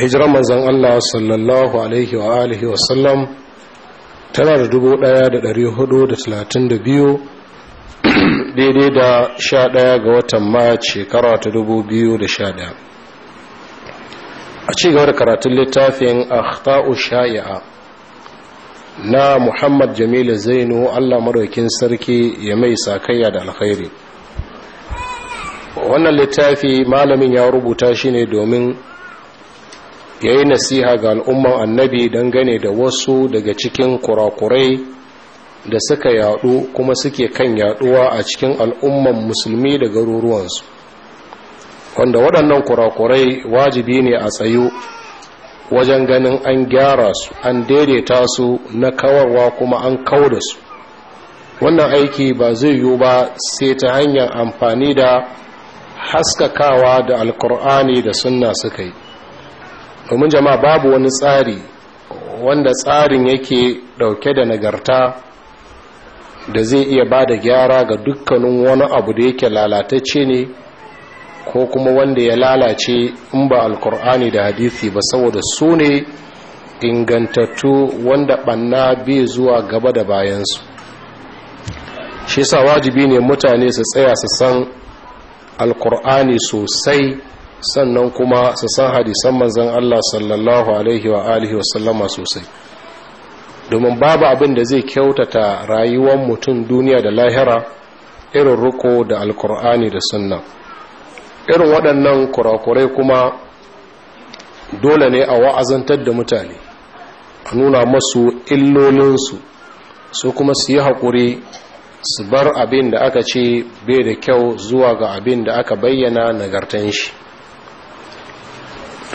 hijira manzan Allah sallallahu alaihi wa alihi wa sallam tana da dubu ɗaya da ɗari hudu da talatin da biyu daidai da sha ɗaya ga watan mac shekara ta dubu biyu da sha ɗaya a cigaba da karatun littafin akhtau sha'i'a na muhammad jamilu zainu allah maɗaukin sarki ya mai sakayya da alkhairi wannan littafi malamin ya rubuta shi ne domin ya yi nasiha ga al'umman annabi dangane da wasu daga cikin kurakurai da suka yadu kuma suke kan yaɗuwa a cikin al'umman musulmi da garuruwansu wanda waɗannan kurakurai wajibi ne a tsayu wajen ganin an gyara su an daidaita su na kawarwa kuma an kauda su wannan aiki ba zai yiwu ba sai ta hanyar amfani da haskakawa da alkur'ani da sunna suka yi domin jama'a babu wani tsari wanda tsarin yake dauke da nagarta da zai iya ba da gyara ga dukkanin wani abu da yake lalatacce ne ko kuma wanda ya lalace in ba alkur'ani da hadisi ba saboda su ne ingantattu wanda banna bai zuwa gaba da bayansu shi sa wajibi ne mutane su tsaya su san alkur'ani sosai sannan kuma su san hadisan manzan Allah sallallahu alaihi wa alihi wa sallama sosai domin babu abin da zai kyautata rayuwar mutum duniya da lahira irin ruko da alkur'ani da sunna irin waɗannan kurakurai kuma dole ne a wa'azantar da mutane a nuna masu illolinsu su kuma su yi haƙuri su bar abin da aka ce bai da kyau zuwa ga abin da aka bayyana nagartan shi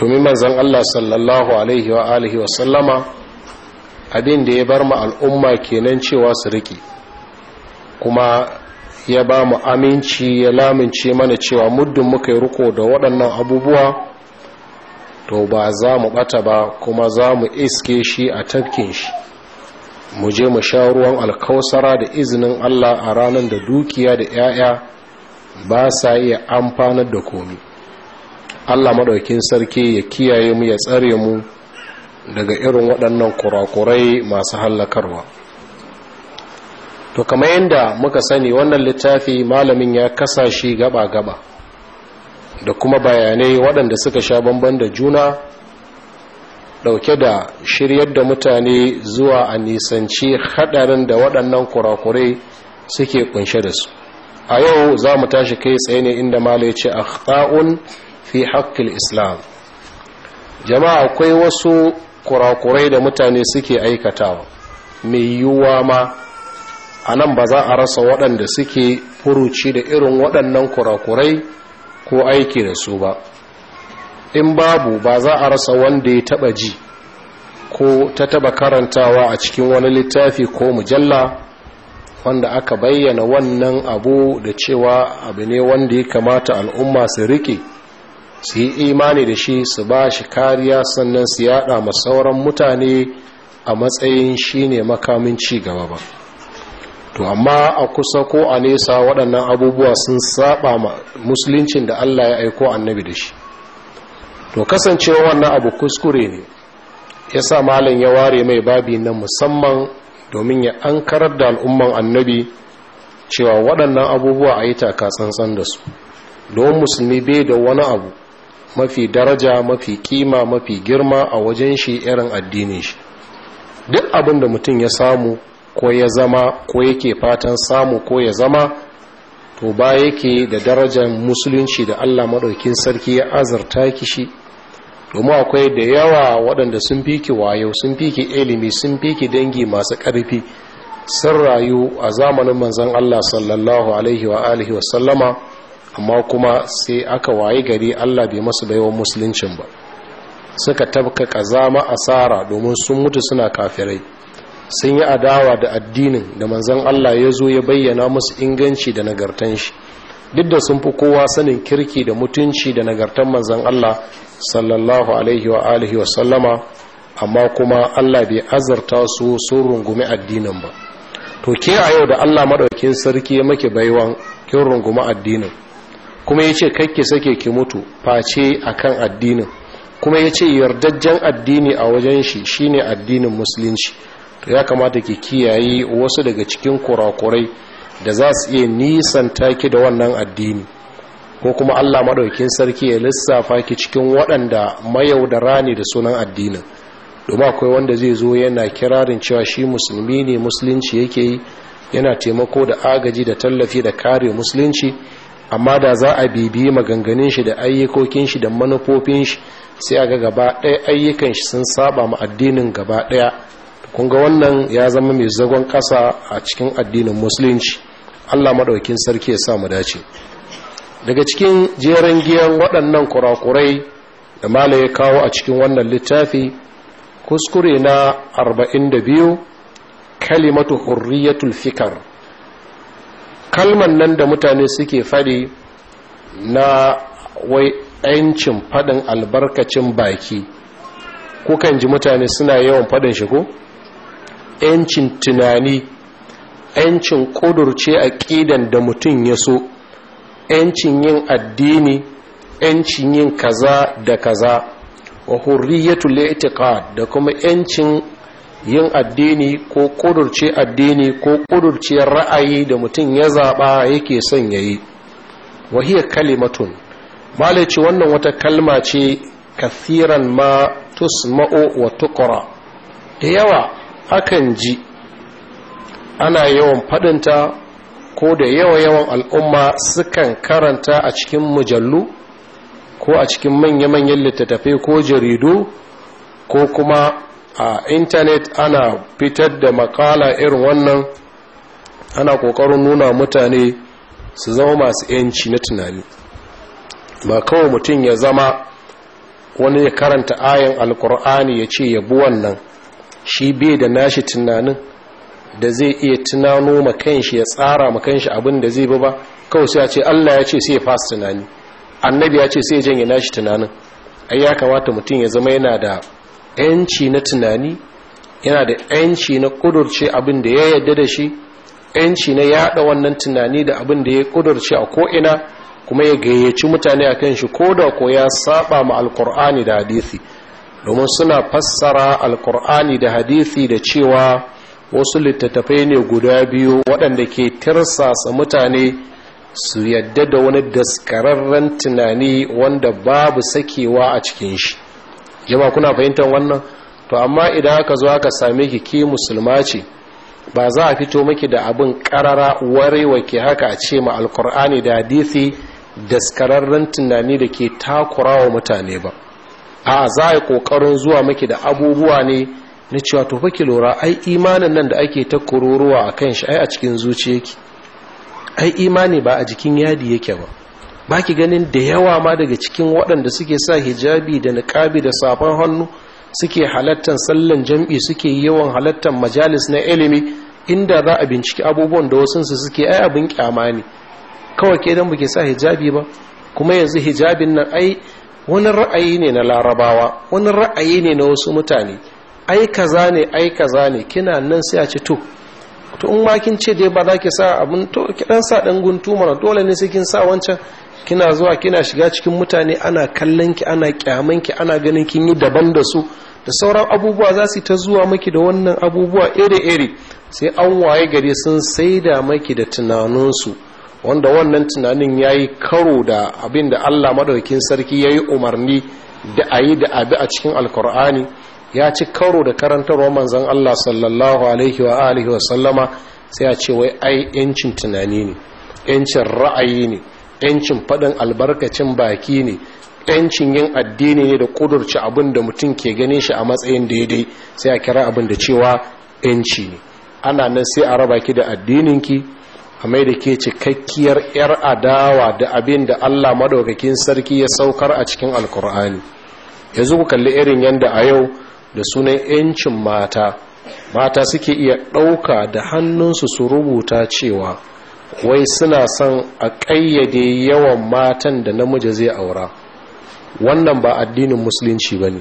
domin manzan Allah sallallahu alaihi wa alihi wa sallama abin da ya bar mu al'umma kenan cewa su riƙe kuma ya ba mu aminci ya lamince mana cewa muddin muka yi riko da waɗannan abubuwa to ba za mu ɓata ba kuma za mu iske shi a tafkin shi mu je mu sha ruwan alkausara da izinin Allah a ranar da dukiya da 'ya'ya ba sa iya amfanar da komi Allah madaukin sarki ya kiyaye mu ya tsare mu daga irin waɗannan kurakurai masu hallakarwa to kamar yadda muka sani wannan littafi malamin ya kasa shi gaba-gaba da kuma bayanai waɗanda suka sha bamban da juna ɗauke da shiryar da mutane zuwa a nisanci haɗarin da waɗannan kurakurai suke ƙunshe da su a yau za mu tashi kai tsaye ne inda malai ce a fi haƙƙil islam jama'a akwai wasu kurakurai da mutane suke aikatawa mai yiwuwa ma a nan ba za a rasa waɗanda suke furuci da irin waɗannan kurakurai ko aiki da su ba in babu ba za a rasa wanda ya taɓa ji ko ta taɓa karantawa a cikin wani littafi ko mujalla wanda aka bayyana wannan abu da cewa abu ne wanda ya kamata al'umma su riƙe. su yi imani da shi su ba shi kariya sannan su yada ma sauran mutane a matsayin shi ne makamin gaba ba to amma a kusa ko a nesa waɗannan abubuwa sun saba musuluncin da allah ya aiko annabi da shi to kasancewa wannan abu kuskure ne ya sa malin ya ware mai babi na musamman domin ya an karar da al'umman annabi cewa waɗannan abubuwa a yi taka tsantsan da su don musulmi bai da wani abu mafi daraja mafi kima mafi girma a wajen shi irin addinin shi duk abin da mutum ya samu ko ya zama ko yake fatan samu ko ya zama to ba yake da darajar musulunci da allah maɗaukin sarki ya azarta ki shi domin akwai da yawa waɗanda sun fi ki wayo sun fi ki ilimi sun fi ki dangi masu ƙarfi sun rayu a zamanin manzon allah sallallahu alaihi wa alihi wa sallama amma kuma sai aka waye gari Allah bai masu baiwa musuluncin ba suka tabka kazama asara domin sun mutu suna kafirai sun yi adawa da addinin da manzon Allah ya zo ya bayyana musu inganci da nagartan shi duk da sun fi kowa sanin kirki da mutunci da nagartan manzon Allah sallallahu alaihi wa alihi wa sallama amma kuma Allah bai azarta su sun rungumi addinin ba to ke a yau da Allah madaukin sarki ya make baiwan kin rungumi addinin kuma ya ce kakke sake ki mutu face a kan addinin kuma ya ce yardajjen addini a wajen shi shine addinin musulunci to ya kamata ki kiyaye wasu daga cikin kurakurai da za su iya nisanta ki da wannan addini ko kuma allah maɗaukin sarki ya lissafa ki cikin waɗanda mayaudara ne da sunan addinin domin akwai wanda zai zo yana kirarin cewa shi musulmi ne musulunci yake yi yana taimako da agaji da tallafi da kare musulunci amma da za a bibiyi maganganun shi da ayyukokin shi da manufofin shi sai a ga gaba ɗaya ayyukan shi sun saba ma addinin gaba ɗaya kun ga wannan ya zama mai zagon ƙasa a cikin addinin musulunci allah maɗaukin sarki ya sa mu dace daga cikin jeran giyan waɗannan kurakurai da mala ya kawo a cikin wannan littafi kuskure na 42 kalimatu hurriyatul fikar kalman nan da mutane suke faɗi na wai ɗancin faɗin albarkacin baki kukan ji mutane suna yawan faɗin shi ko 'yancin tunani 'yancin ƙudurce a ƙidan da mutum ya so ɗancin yin addini ɗancin yin kaza da kaza wa hurriyatul i'tiqad da kuma 'yancin yin addini ko ƙudurce addini ko ƙudurce ra'ayi da mutum ya zaɓa yake son ya yi wahiyar kalimatun malaci wannan wata kalma ce kathiran ma tusma'o wa tukura da yawa akan ji ana yawan faɗinta ko da yawa-yawan al'umma sukan karanta a cikin mujallu ko a cikin manya-manyan littattafai ko jaridu ko kuma a intanet ana fitar da makala irin wannan ana kokarin nuna mutane su zama masu yanci na tunani ba kawai mutum ya zama wani ya karanta ayin alkur'ani ya ce ya bi wannan shi bai da nashi tunanin da zai iya tunano makanshi ya tsara makanshi abin da zai bi ba kawai sai ya ce allah ya ce sai ya fasa tunani annabi ya ce sai ya janye nashi tunanin ai ya kamata mutum ya zama yana da yanci na tunani yana da yanci na kudurce abin da ya yadda da shi yanci na yada wannan tunani da abin da ya kudurce a ko'ina kuma ya gayyaci mutane a kan shi ko da ko ya saba ma alkur'ani da hadithi domin suna fassara alkur'ani da hadithi da cewa wasu littattafai ne guda biyu waɗanda ke tirsasa mutane su yadda da wani daskararren tunani wanda babu sakewa a cikin shi jama'a kuna fahimtar wannan to amma idan aka zo aka same ki ki musulma ce ba za a fito miki da abin karara warewa ke haka a ce ma alkur'ani da hadisi daskararren tunani da ke takura wa mutane ba a za a yi kokarin zuwa miki da abubuwa ne na cewa to fa ki lura ai imanin nan da ake ta kururuwa a kan ai a cikin zuciyarki ai imani ba a jikin yadi yake ba ba ki ganin da yawa ma daga cikin waɗanda suke sa hijabi da niƙabi da safan hannu suke halattan sallan jam'i suke yi yawan halattan majalis na ilimi inda za a binciki abubuwan da su suke ai abin kyama ne kawai ke don buke sa hijabi ba kuma yanzu hijabin nan ai wani ra'ayi ne na larabawa wani ra'ayi ne na wasu mutane ai kaza ne ai kaza ne kina nan sai a ce to to in ma kin ce dai ba za ki sa abin to ki sa dan guntu mana dole ne sai kin sa wancan kina zuwa kina shiga cikin mutane ana kallon ki ana kyaman ki ana ganin kin yi daban da su da sauran abubuwa za su ta zuwa maki da wannan abubuwa iri-iri sai an waye gari sun saida maki da tunaninsu wanda wannan tunanin ya yi karo da abin da allah maɗaukin sarki ya yi umarni da a yi da abi a cikin alkur'ani ya ci karo da karantarwa manzan allah sallallahu alaihi wa alihi wa sallama sai a ce wai ai yancin tunani ne yancin ra'ayi ne yancin faɗin albarkacin baki ne yancin yin addini ne da ƙudurci abin da mutum ke gane shi a matsayin daidai sai a kira abin da cewa yanci ne ana nan sai a raba ki da addininki a mai da ke cikakkiyar 'yar adawa da abin da allah maɗaukakin sarki ya saukar a cikin alkur'ani yanzu ku kalli irin yadda a yau da sunan yancin mata mata suke iya ɗauka da hannunsu su rubuta cewa wai suna son a ƙayyade yawan matan da namiji zai aura wannan ba addinin musulunci ba ne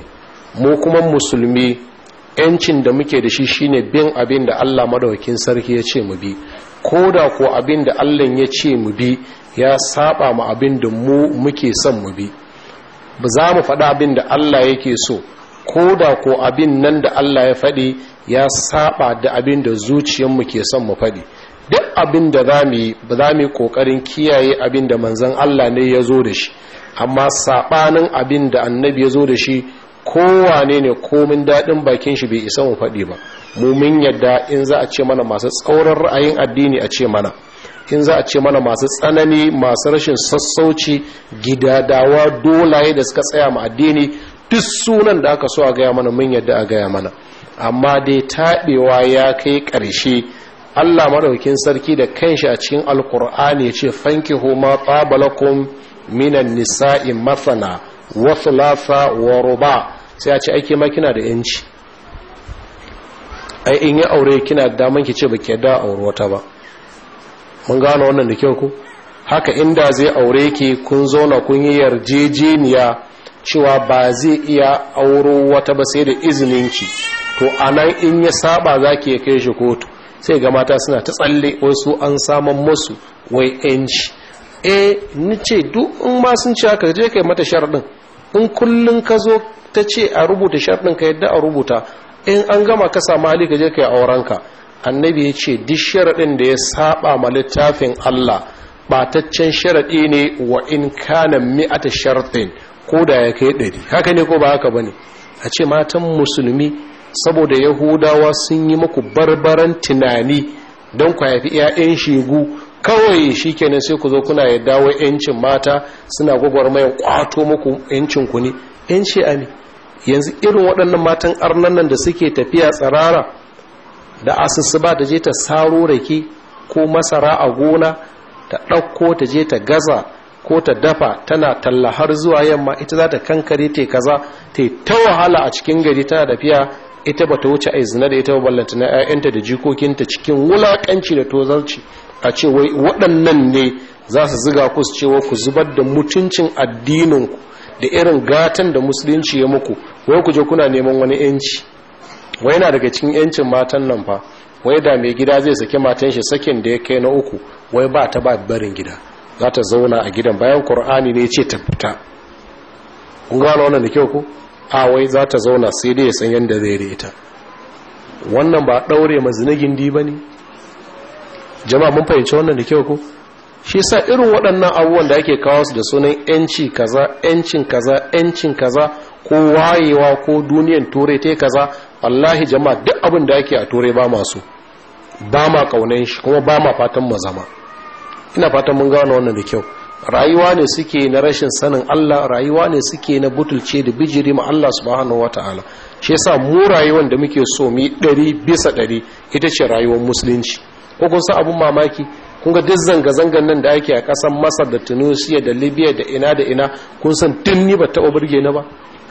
mu kuma musulmi yancin da muke da shi shine bin abin da allah madawakin sarki ya ce mu bi ko da ko abin da allah ya ce mu bi ya saba mu abin da mu muke son mu bi ba za mu faɗa abin da allah yake so ko da ko abin nan da allah ya faɗi ya saba da abin da zuciyarmu ke son mu faɗi duk abin da za mu yi ba za mu yi kokarin kiyaye abin da manzan Allah ne ya zo da shi amma saɓanin abin da annabi ya zo da shi kowane ne komin daɗin bakin shi bai isa mu faɗi ba mu mun yadda in za a ce mana masu tsaurar ra'ayin addini a ce mana in za a ce mana masu tsanani masu rashin sassauci gidadawa dolaye da suka tsaya ma addini duk sunan da aka so a gaya mana mun yadda a gaya mana amma dai taɓewa ya kai ƙarshe Allah madaukin sarki da kanshi a cikin alkur'ani ya ce fankihu ma qabalakum minan nisa'i mathana wa thulatha wa sai a ce ake ma kina da yanci ai in ya aure kina da daman ki ce ke da aure wata ba mun gano wannan da kyau ku haka inda zai aure ki kun zauna kun yi yarjejeniya cewa ba zai iya auro wata ba sai da izinin ki to anan in ya saba zaki ya kai shi kotu sai ga mata suna ta tsalle wasu an saman musu wai yanci eh ni ce duk in ma sun ce haka je kai mata sharɗin in kullum ka zo ta ce a rubuta sharɗin ka yadda a rubuta in an gama ka samu hali ka je kai ka annabi ya ce duk sharaɗin da ya saba ma littafin Allah bataccen sharaɗi ne wa in kana mi'ata shartin ko da ya kai ɗari haka ne ko ba haka bane a ce matan musulmi saboda yahudawa sun yi maku barbaran tunani don ku haifi 'ya'yan shegu kawai shi kenan sai ku zo kuna ya dawo 'yancin mata suna gwagwarmayar kwato maku 'yancin ku ne 'yan a ne yanzu irin waɗannan matan arnan nan da suke tafiya tsarara da asusu ba da je ta saro rake ko masara a gona ta ɗauko ta je ta gaza ko ta dafa tana talla har zuwa yamma ita za ta kankare ta kaza ta ta wahala a cikin gari tana tafiya ita bata wuce a izina da ita ba ballanta na 'ya'yanta da jikokinta cikin wulakanci da tozarci a ce wai waɗannan ne za su ziga ku su cewa ku zubar da mutuncin addininku da irin gatan da musulunci ya muku wai ku je kuna neman wani yanci wai na daga cikin yancin matan nan ba wai da mai gida zai sake matan shi sakin da ya kai na uku wai ba ta ba barin gida za ta zauna a gidan bayan qur'ani ne ya ce ta fita kun gano wannan da kyau ko a wai za ta zauna sai dai ya san yadda zai reta wannan ba ɗaure mazinagin di ba ne jama'a mun fahimci wannan da kyau ko shi sa irin waɗannan abubuwan da ake kawo su da sunan yanci kaza yancin kaza yancin kaza ko wayewa ko duniyan turai ta kaza wallahi jama'a duk abin da ake a turai ba masu ba ma kaunan shi kuma ba ma fatan mu zama ina fatan mun gano wannan da kyau rayuwa ne suke na rashin sanin Allah rayuwa ne suke na butulce da bijiri ma Allah subhanahu ta'ala shi yasa mu rayuwan da muke so mu dari bisa dari ita ce rayuwar musulunci ko kun san abun mamaki kun ga duk zanga-zangan nan da ake a ƙasar masar da tunisia da libya da ina da ina kun san tun ni ba taɓa burge na ba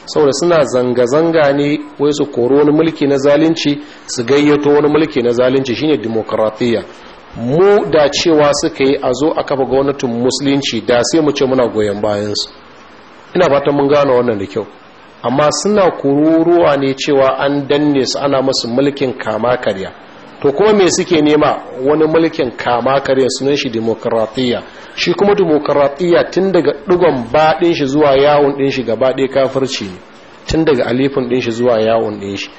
saboda suna zanga-zanga ne wai su koro wani mulki na zalunci su gayyato wani mulki na zalunci shine demokratiya mu da cewa suka yi a zo a kafa gwamnatin musulunci da sai mu ce muna goyon bayansu ina ta mun gano wannan da kyau amma suna kururuwa ne cewa an danne su ana masu mulkin kama karya to kuma me suke nema wani mulkin kama karya sunan shi demokratiya shi kuma demokratiya tun daga digon baɗin shi zuwa yawon ɗin shi gaba ɗaya kafirci ne tun daga alifin ɗin shi zuwa yawon ɗin shi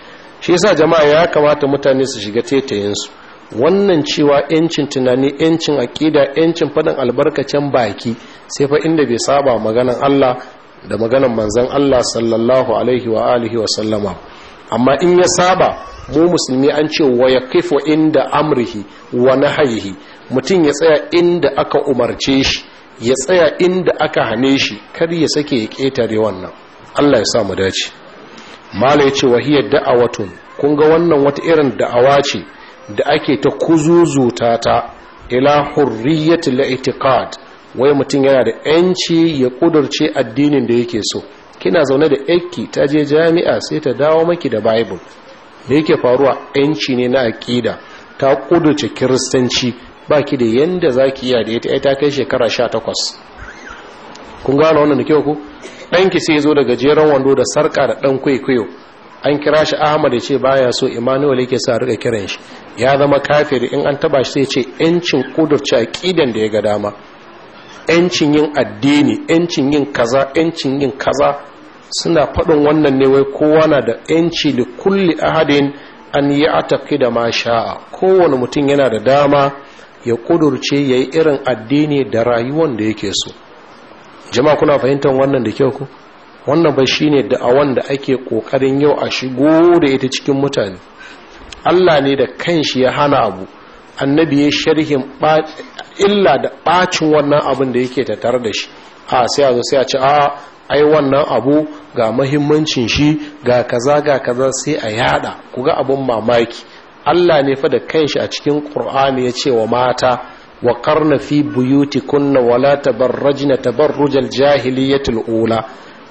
shi yasa jama'a ya kamata mutane su shiga tetayensu wannan cewa yancin tunani yancin aƙida yancin faɗin albarkacin baki sai fa inda bai saba maganan Allah da maganan manzan Allah sallallahu alaihi wa alihi wa sallama amma in ya saba mu musulmi an ce wa yaqifu inda amrihi wa nahyihi mutum ya tsaya inda aka umarce shi ya tsaya inda aka hane shi kar ya sake ya ketare wannan Allah ya sa mu dace mala yace wa hiya da'awatun kun ga wannan wata irin da'awa ce da ake ta kuzuzuta ta ila al i'tiqad wai mutum yana da yanci ya kudurce addinin da yake so kina zaune da yanki ta je jami'a sai ta dawo maki da bible da yake faruwa yanci ne na aqida ta kudurce kiristanci baki da yanda zaki iya da ita ai ta kai shekara 18 kun gano wannan da kyau ku danki sai zo da gajeren wando da sarka da dan kwaikwayo an kira shi ahmad ya ce baya so emmanuel yake sa rika kiran shi ya zama kafiri in an taba shi sai ce yancin kudurci aqidan da ya ga dama yancin yin addini yancin yin kaza yancin yin kaza suna faɗin wannan ne wai kowa na da yanci da kulli ahadin an yi ataki da masha'a kowane mutum yana da dama ya kudurce ya yi irin addini da rayuwan da yake so jama'a kuna fahimtar wannan da kyau ku wannan ba shi ne da'awan da ake ƙoƙarin yau a shigo da ita cikin mutane allah ne da kanshi ya hana abu annabi ya sharhin illa da ɓacin wannan abin da yake tattare da shi a sai a zo sai a ci a ai wannan abu ga mahimmancin shi ga kaza ga kaza sai a yada ku ga abin mamaki allah ne fa da kanshi a cikin ƙur'ani ya ce wa mata wa karna fi buyutikunna wala tabarrajna tabarrujal jahiliyatul ula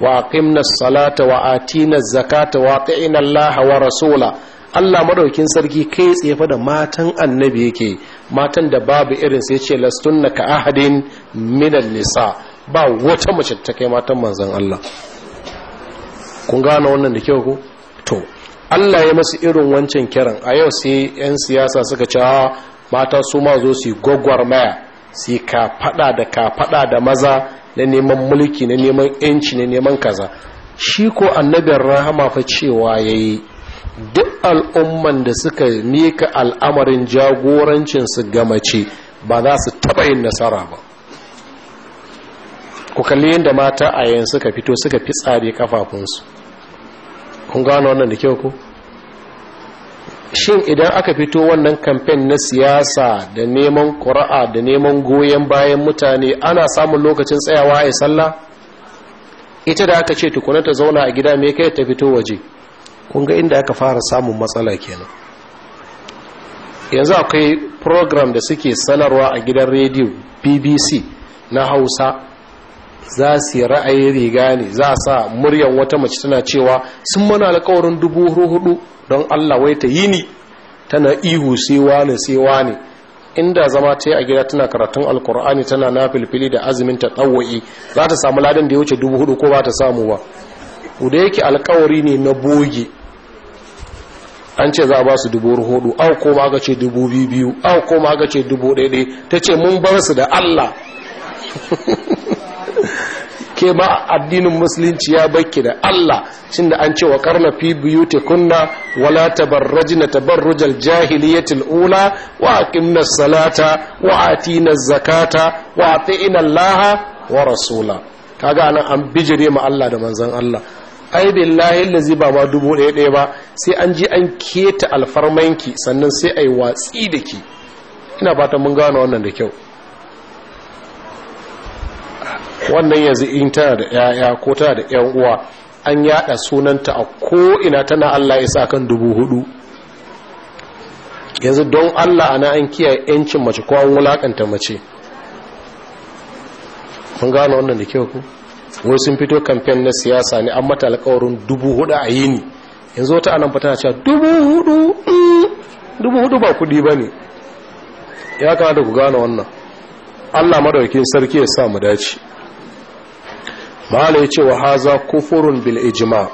wa aqimna salata wa atina zakata wa atina allaha wa rasula Allah madaukin sarki kai tsefa da matan annabi yake matan da babu irin sai ce lastunna ka ahadin minan nisa ba wata mace ta kai matan manzon Allah kun gane wannan da kyau ko to Allah ya masu irin wancan kiran a yau sai 'yan siyasa suka ce ah, mata su ma zo su yi gwagwarmaya su ka kafaɗa da ka kafaɗa da maza na neman mulki na neman yanci na neman kaza shi ko annabin rahama fa cewa yayi duk al'umman da suka mika al'amarin jagorancinsu ga mace ba za su taɓa yin nasara ba ku kalli yadda mata a yanzu suka fito suka fi tsare kafafunsu kun gano wannan da kyau ku shin idan aka fito wannan kamfen na siyasa da neman ƙura'a da neman goyon bayan mutane ana samun lokacin tsayawa a sallah ita da aka ce tukuna ta zauna a gida mai kai ta fito waje kunga inda aka fara samun matsala kenan yanzu akwai program da suke sanarwa a gidan rediyo bbc na hausa za su yi ra'ayi riga ne za sa muryan wata mace tana cewa sun mana alkawarin dubu hudu don allah wai ta yi ni tana ihu sai wani sai wani inda zama ta yi a gida tana karatun alkur'ani tana na filfili da azumin ta ɗawa'i za ta samu ladin da ya wuce dubu hudu ko ba ta samu ba da yake alkawari ne na boge an ce za a ba su dubu hudu au ko ma ce dubu biyu au ko ma ce dubu ɗaya ta ce mun bar su da allah ke ba addinin musulunci ya baki da Allah cin da an ce wa karna fi biyuti kunna wala na tabarrujal jahiliyatil ula wa aqimna salata wa atina zakata wa atina Allah wa rasula kaga anan an bijire ma Allah da manzon Allah ai billahi allazi ba ma dubu ɗaya ɗaya ba sai an ji an keta alfarmanki sannan sai ai watsi da ki ina fatan mun gano wannan da kyau wannan yanzu in tana da 'ya'ya ko tana da 'yan uwa an yada sunanta a ko'ina tana allah ya sa kan dubu hudu yanzu don allah ana an kiyaye 'yancin mace ko an wulakanta mace mun gano wannan da kyau ku wai sun fito kamfen na siyasa ne an mata alƙawarin dubu hudu a yini yanzu ta anan fata cewa dubu hudu mm, dubu hudu ba kudi ba ne ya kamata ku gano wannan allah madaukin sarki ya sa mu dace mala ya ce wa haza kufurun bil ijima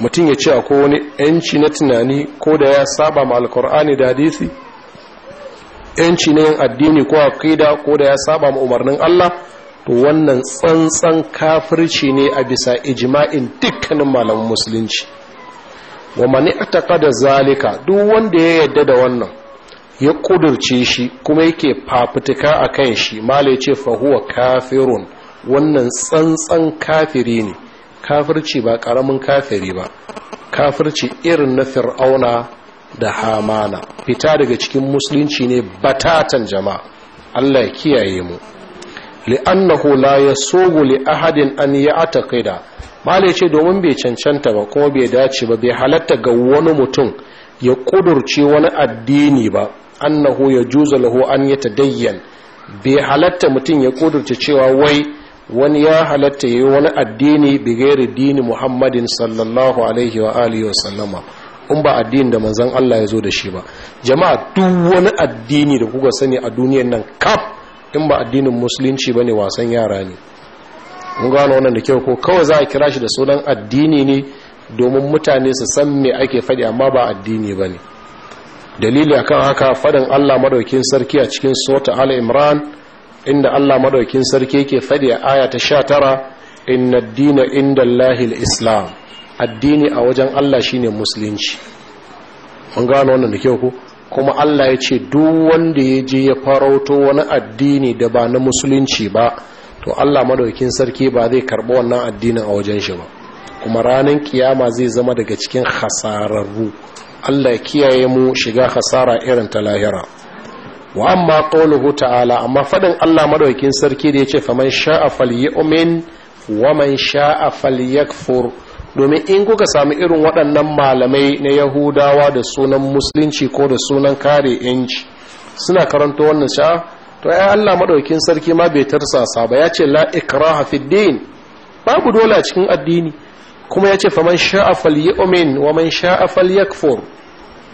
mutum ya ce akwai wani yanci na tunani ko da ya saba ma alkur'ani da hadisi yanci na yin addini ko a kaida ko da ya saba ma umarnin Allah to wannan tsantsan kafirci ne a bisa in dukkanin malamin musulunci wa mani da zalika duk wanda ya yadda da wannan ya kudurce shi kuma yake fafutuka a kan shi mala ya ce fahuwa kafirun wannan tsantsan kafiri ne kafirci ba ƙaramin kafiri ba kafirci irin na fir'auna da hamana fita daga cikin musulunci ne batatan jama'a allah ya kiyaye mu li'annahu la yasugu li ahadin an ya'taqida malai ce domin bai cancanta ba kuma bai dace ba bai halatta ga wani mutum ya kudurce wani addini ba annahu ya juza lahu an yatadayyan bai halatta mutum ya kudurce cewa wai wani ya halatta yi wani addini bigere dini muhammadin sallallahu alaihi wa aliyu wa sallama in ba addini da manzan Allah ya zo da shi ba jama'a duk wani addini da kuka sani a duniyan nan kaf in ba addinin musulunci ba ne wasan yara ne mun gano wannan da kyau ko kawai za a kira shi da sunan addini ne domin mutane su san me ake faɗi amma ba addini ba ne dalili akan haka faɗin Allah madaukin sarki a cikin sota al imran inda Allah madaukin sarki yake fadi a aya ta 19 inna dina inda al islam addini a wajen Allah shine musulunci mun gano wannan da kyau ko kuma Allah ya ce duk wanda ya je ya farauto wani addini da ba na musulunci ba to Allah madaukin sarki ba zai karɓi wannan addinin a wajen shi ba kuma ranar kiyama zai zama daga cikin hasararru Allah ya kiyaye mu shiga hasara irin ta lahira wa amma qawluhu ta'ala amma faɗin Allah maɗaukin sarki da yace faman sha'a falyu'min wa man sha'a falyakfur domin in kuka samu irin waɗannan malamai na Yahudawa da sunan musulunci ko da sunan kare yanci suna karanta wannan sha to ai Allah madaukakin sarki ma bai tarsasa ba yace la ikraha fid din babu dole cikin addini kuma yace faman sha'a falyu'min wa man sha'a falyakfur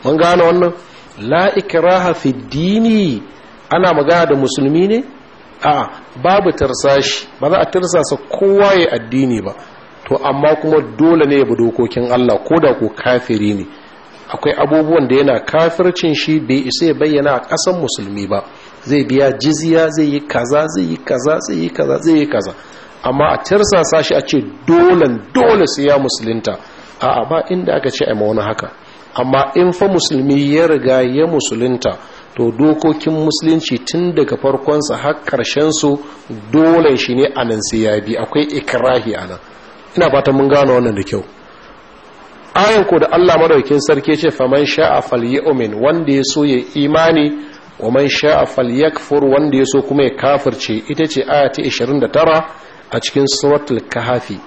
mun gane wannan la ikraha fi dini ana magana da musulmi ne a babu tarsashi ba za a tarsasa kowa ya addini ba to amma kuma dole ne ya bi dokokin Allah ko da ko kafiri ne akwai abubuwan da yana kafircin shi bai isa ya bayyana a ƙasan musulmi ba zai biya jiziya zai yi kaza zai yi kaza zai yi kaza zai yi kaza amma a tirsasa shi a ce dole dole sai ya musulunta a'a ba inda aka ce a wani haka amma in fa musulmi ya riga ya musulunta to dokokin musulunci tun daga farkonsa har karshen su dole shi ne a nan sai ya bi akwai ikirahi a nan ina fatan mun gano wannan da kyau ayan ko da Allah madaukin sarki ce fa man sha'a yu'min wanda ya so ya imani wa man sha'a yakfur wanda ya so kuma ya kafirce ita ce aya ta 29 a cikin suratul kahfi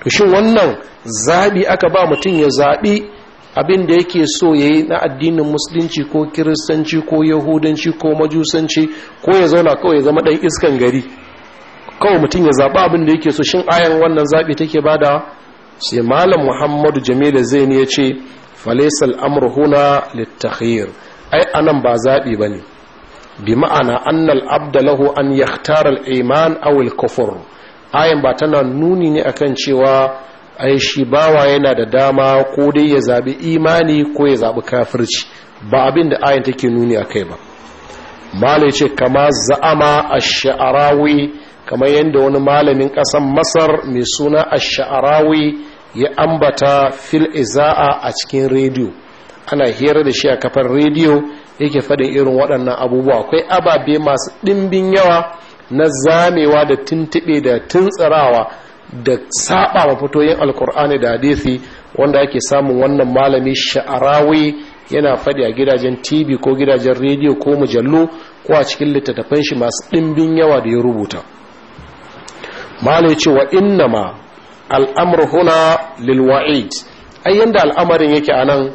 to shin wannan zabi aka ba mutum ya zabi abin da yake so ya yi na addinin musulunci ko kiristanci ko yahudanci ko majusanci ko ya zauna kawai ya zama ɗan iskan gari kawai mutum ya zaɓa abin da yake so shin ayan wannan zaɓi take ba da? sai malam muhammadu jamilu zai ne ya ce falaisal amurhuna littahir littakhir ai anan ba zaɓi ba ne bi ma'ana annal abdalahu an yaktar iman aw ayan ba tana nuni ne akan cewa ai shi bawa yana da dama ko dai ya zabi imani ko ya zabi kafirci ba abin da ayin take nuni a kai ba malai ce kama za'ama a sha'arawi kamar yadda wani malamin ƙasan masar mai suna a sha'arawi ya ambata fil iza'a a cikin rediyo ana hira da shi a kafar rediyo yake faɗin irin waɗannan abubuwa akwai ababe masu ɗimbin yawa na zamewa da tuntube da tuntsirawa da saba wa fitoyin alkur'ani da hadisi wanda ake samun wannan malami sha'arawi yana faɗi a gidajen tv ko gidajen rediyo ko mujallu ko a cikin littattafan shi masu ɗimbin yawa da ya rubuta malai wa innama al'amur huna lilwa'id ai yanda al'amarin yake a nan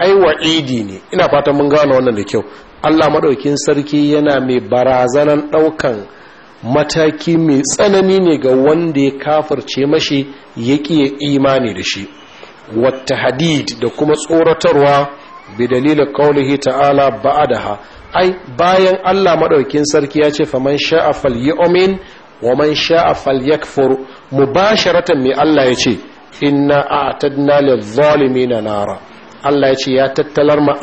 ai wa'idi ne ina fatan mun gane wannan da kyau allah maɗaukin sarki yana mai barazanan ɗaukan mataki mai tsanani ne ga wanda ya kafarce mashi ya ƙi imani da shi wata hadid da kuma tsoratarwa bi dalilin kaulihi ta'ala ba'adaha ai bayan Allah maɗaukin sarki ya ce faman sha'a falyu'min wa man mu ba sharatan mai Allah ya ce inna a'tadna lidh na nara Allah ya ce ya tattalar ma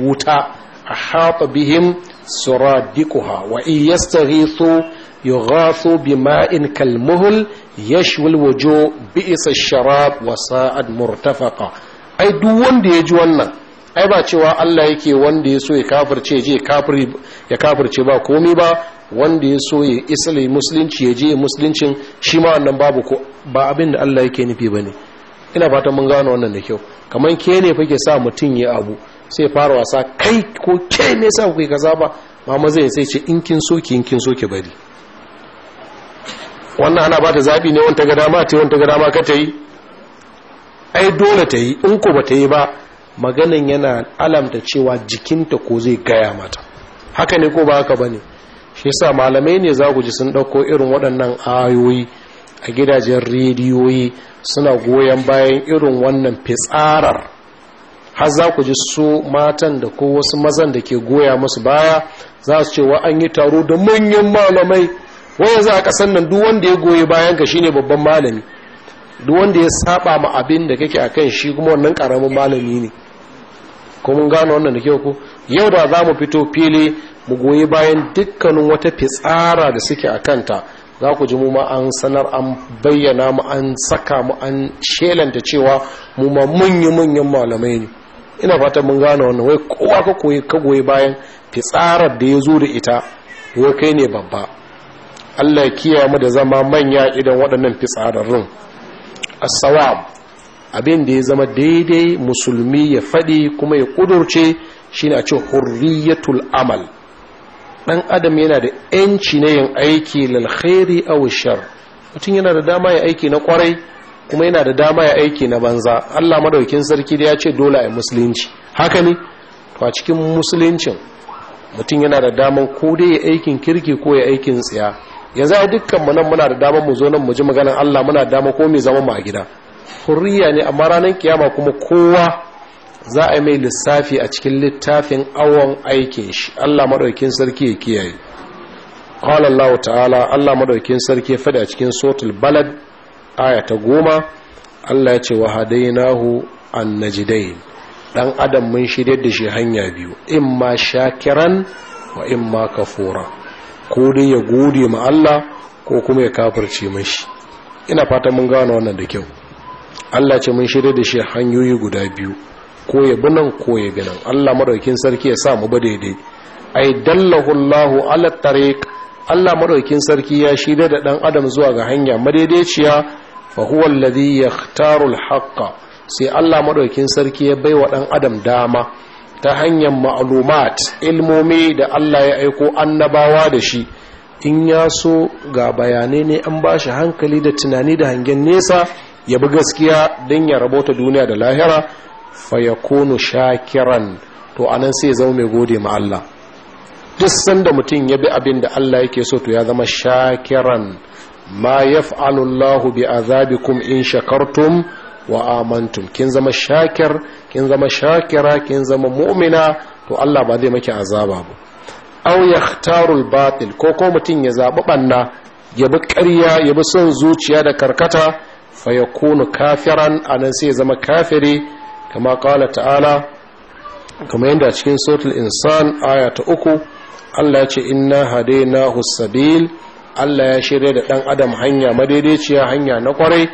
wuta a haɓa bihim suradikuha wa in yastaghithu yughathu bima'in kalmuhl yashwi alwujuh bi'sa ash-sharab wa sa'ad murtafaqa ai duk wanda ya ji wannan ai ba cewa Allah yake wanda ya so ya kafirce je kafiri ya kafirce ba komai ba wanda ya so ya islami musulunci ya je musuluncin shi ma nan babu ko ba abin da Allah yake nufi ne, ina fatan mun gano wannan da kyau kamar kene ne fake sa mutum ya abu sai fara wasa kai ko ke me yasa yi kaza ba mama zai sai ce in kin so ki in so ki bari wannan ana ba ta zabi ne wanta ga dama ta wanta ga dama ka ta yi ai dole ta yi in ko ba ta yi ba maganan yana alamta cewa jikinta ko zai gaya mata haka ne ko ba haka bane shi yasa malamai ne za ku ji sun ɗauko irin waɗannan ayoyi a gidajen rediyoyi suna goyon bayan irin wannan fitsarar har za ku ji su matan da ko wasu mazan da ke goya musu baya za su ce an yi taro da manyan malamai waya za a kasan nan duk wanda ya goyi bayan ka shine babban malami duk wanda ya saba ma abin da kake akan shi kuma wannan karamin malami ne ko mun gano wannan da kyau ko yau da za mu fito fili mu goyi bayan dukkanin wata fitsara da suke a kanta za ku ji mu ma an sanar an bayyana mu an saka mu an shelanta cewa mu ma manyan manyan malamai ne ina fatan mun gane wannan wai kowa ka koyi ka goyi bayan fitsarar da ya zo da ita wai kai ne babba Allah ya kiyaye mu da zama manya idan waɗannan fitsararrun as abin da ya zama daidai musulmi ya faɗi kuma ya kudurce shine a ce hurriyatul amal dan adam yana da yanci na yin aiki lal khairi aw shar mutum yana da dama ya aiki na kwarai kuma yana da dama ya aiki na banza Allah madaukin sarki da ya ce dole a musulunci haka ne to a cikin musuluncin mutum yana da daman ko dai ya aikin kirki ko ya aikin tsiya yanzu a dukkan mu nan muna da daman mu zo nan mu ji maganar Allah muna da dama ko mai zama mu a gida hurriya ne amma ranar kiyama kuma kowa za a mai lissafi a cikin littafin awon aikin shi Allah madaukin sarki ya kiyaye qala Allah ta'ala Allah madaukin sarki ya fada cikin suratul balad aya ta goma Allah ya ce wa hadainahu an najidain dan adam mun shirye da shi hanya biyu imma shakiran wa imma kafura ko dai ya gode ma Allah ko kuma ya kafirce mashi ina fata mun gane wannan da kyau Allah ce mun shirye da shi hanyoyi guda biyu ko ya bi nan ko ya bi nan Allah madaukin sarki ya sa mu ba daidai ai dallahu Allahu ala tariq Allah madaukin sarki ya shirye da dan adam zuwa ga hanya madaidaiciya fa huwa alladhi yaktaru sai Allah madaukin sarki ya baiwa dan adam dama ta hanyar ma'lumat ilmomi da Allah ya aiko annabawa da shi in ya so ga bayanai ne an ba shi hankali da tunani da hangen nesa ya bi gaskiya dan ya rabota duniya da lahira fa ya kono shakiran to anan sai zama mai gode ma Allah duk sanda mutum ya bi abin da Allah yake so to ya zama shakiran ma yaf'alu bi azabikum in shakartum wa amantum kin zama shakir kin zama shakira kin zama mu'mina to Allah ba zai maki azaba ba aw batil ko ko mutun ya zaɓi ɓanna ya bi ƙarya ya bi son zuciya da karkata fa yakunu kafiran anan sai ya zama kafiri kama qala ta'ala kuma yadda cikin suratul insan aya ta uku Allah ya ce inna hadainahu sabil Allah ya shirya da ɗan adam hanya madaidaiciya hanya na kwarai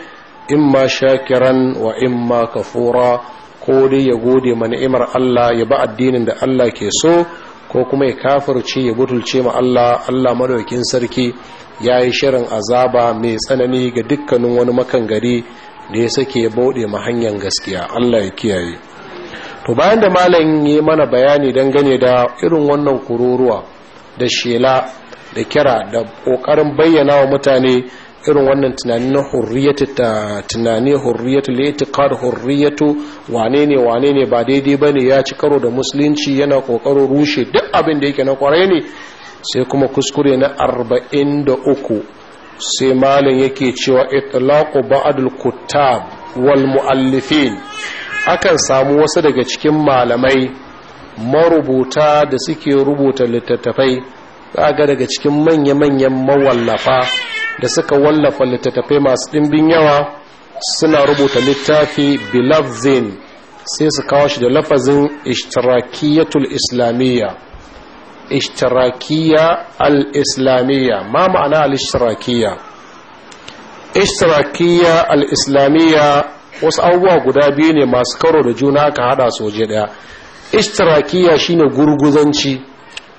imma shakiran wa in imma kafura ko dai ya gode ma ni'imar Allah ya ba addinin da Allah ke so ko kuma ya kafirce ya butulce ma Allah Allah madaukin sarki ya yi shirin azaba mai tsanani ga dukkanin wani makan gari da ya sake bauɗe ma hanyar gaskiya Allah ya kiyaye to bayan da malam yi mana bayani dangane da irin wannan kururuwa da shela da kira da kokarin bayyana wa mutane irin wannan tunani na hurriyatu ta tunani hurriyatu litiqad hurriyatu wane ne wane ne ba daidai bane ya ci karo da musulunci yana kokarin rushe duk abin da yake na kwarai ne sai kuma kuskure na uku sai malin yake cewa itlaqu ba'dul kuttab wal muallifin akan samu wasu daga cikin malamai marubuta da suke rubuta littattafai za a ga daga cikin manya-manyan mawallafa da suka wallafa littattafai masu ɗimbin yawa suna rubuta littafi bilafzin sai su kawo shi da lafazin ishtirakiyatul islamiyya ishtirakiyya al-islamiyya ma ma'ana al-ishtirakiyya ishtirakiyya al-islamiyya wasu abubuwa guda biyu ne masu karo da juna aka hada soje daya ishtirakiyya shine gurguzanci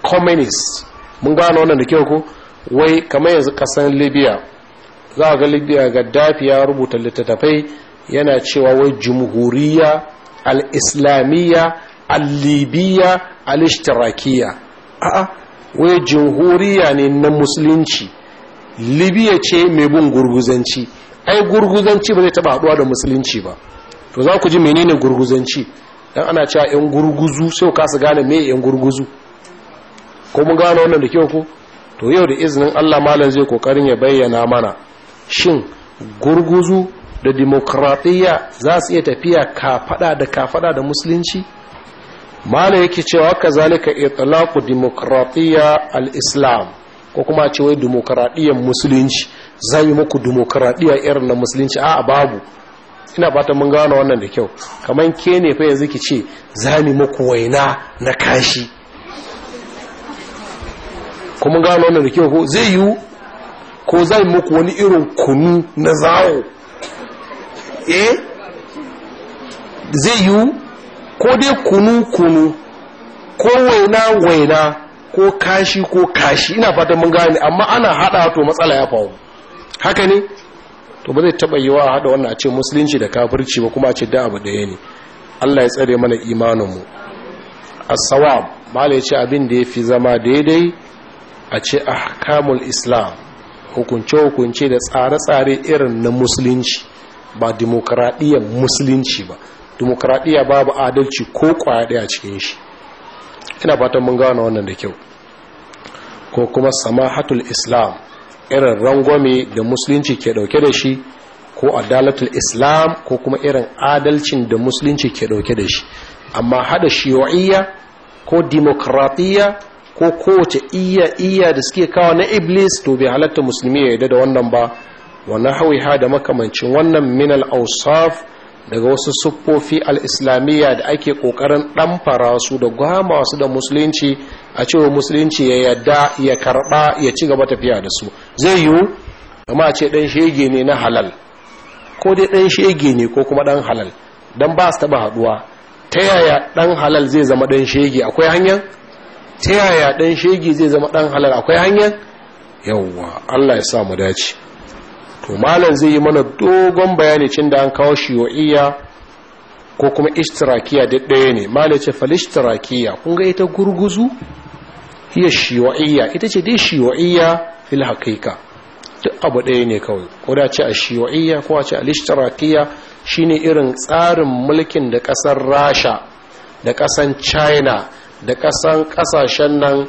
communist mun gano wannan da kyau ko wai kamar yanzu kasan libya za a ga libya ga ya rubuta littattafai yana cewa wai jumhuriya al-islamiyya al-libiyya al-ishtirakiyya a'a wai jumhuriya ne na musulunci libya ce mai bin gurguzanci ai gurguzanci ba zai taba haduwa da musulunci ba to za ku ji menene gurguzanci dan ana cewa yan gurguzu sai ka su gane me yan gurguzu ko mun gano wannan da kyau ko to yau da izinin Allah malam zai kokarin ya bayyana mana shin gurguzu da demokradiyya za su iya tafiya kafada da kafada da musulunci malam yake cewa haka zalika itlaqu demokradiyya al-islam ko kuma ce wai demokradiyyar musulunci yi muku demokradiyya irin na musulunci a babu ina fata mun gano wannan da kyau Kamar ke ne fa yanzu ki ce yi muku waina na kashi kuma gano wannan da kyau ko zai yiwu ko zai muku wani irin kunu na zawo eh zai yi ko dai kunu kunu ko waina waina ko kashi ko kashi ina fatan mun gane amma ana hada to matsala ya faru haka ne to ba zai taba yiwa hada wannan a ce musulunci da kafirci ba kuma a ce da abu daya ne Allah ya tsare mana imaninmu as-sawab ya ce abin da ya fi zama daidai a ce ahkamul islam hukunce-hukunce da tsare-tsare irin na musulunci ba demokradiyyar musulunci ba demokradiyya babu adalci ko kwaya a cikin shi ina fatan mun gano wannan da kyau ko kuma samahatul islam irin rangwame da musulunci ke dauke da shi ko adalatul islam ko kuma irin adalcin da musulunci ke dauke da shi amma hada shiwa'iyya ko demokradiyya ko kowace iya iya da suke kawo na iblis to bai halatta musulmi ya yadda da wannan ba hawi ha da makamancin wannan minal al daga wasu siffofi al-islamiyya da ake kokarin ɗamfara su da gwama wasu da musulunci a cewa musulunci ya yarda ya karba ya ci gaba tafiya da su zai yiwu amma ce dan shege ne na halal ko dai dan shege ne ko kuma dan halal dan ba su taba haduwa ta yaya dan halal zai zama dan shege akwai hanyar ta yaya ɗan shegi zai zama ɗan halar akwai hanyar yawwa allah ya sa mu dace to malam zai yi mana dogon bayani cin da an kawo iya ko kuma istirakiya duk ɗaya ne malam ce falishtirakiya kun ga ita gurguzu iya wa iya ita ce dai iya fil haqiqa duk abu ɗaya ne kawai ko da ce a iya ko a ce al-ishtirakiyya shine irin tsarin mulkin da ƙasar Rasha da ƙasar China da ƙasan ƙasashen nan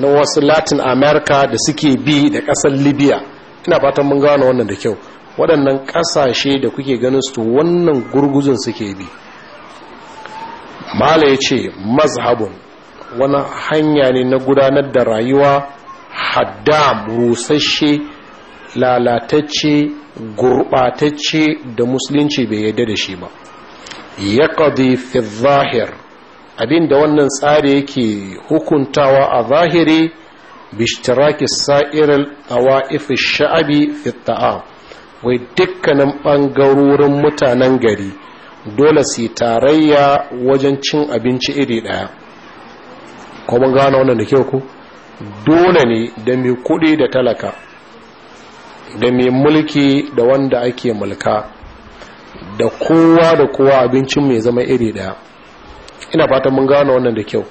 na wasu latin america da suke bi da ƙasar libya ina fatan mun gano wannan da kyau waɗannan ƙasashe da kuke ganin su wannan gurguzun suke bi mala ya ce mazhabun wani hanya ne na gudanar da rayuwa haddam rusashe, lalatacce gurɓatacce da musulunci bai yadda da shi ba ya fi zahir abinda wannan tsari yake hukuntawa a zahiri bishtiraki sa'irar ifi sha'abi fita'a wai dukkanin ɓangarorin mutanen gari dole su tarayya wajen cin abinci iri ɗaya kuma gano wannan da kyau ku dole ne da mai kuɗi da talaka da mai mulki da wanda ake mulka da kowa da kowa abincin mai zama iri ɗaya ina fatan mun gano wannan da kyau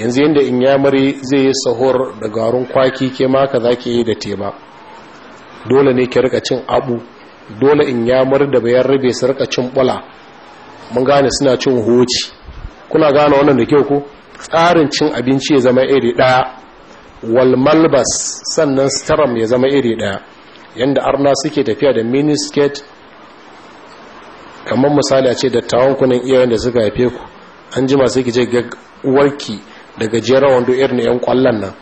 yanzu yadda in yamari zai yi sahur da garin kwaki ke maka za ki yi da tema dole ne ki rika cin abu dole in yamari da bayan rabe su rika cin bula mun gane suna cin hoci kuna gane wannan da kyau ko tsarin cin abinci ya zama iri daya wal malbas sannan staram ya zama iri daya yadda arna suke tafiya da miniskirt kamar misali a ce dattawan kunan iyayen da suka haife ku an jima sai ki je ga warki daga jerar wando irin yan kwallon nan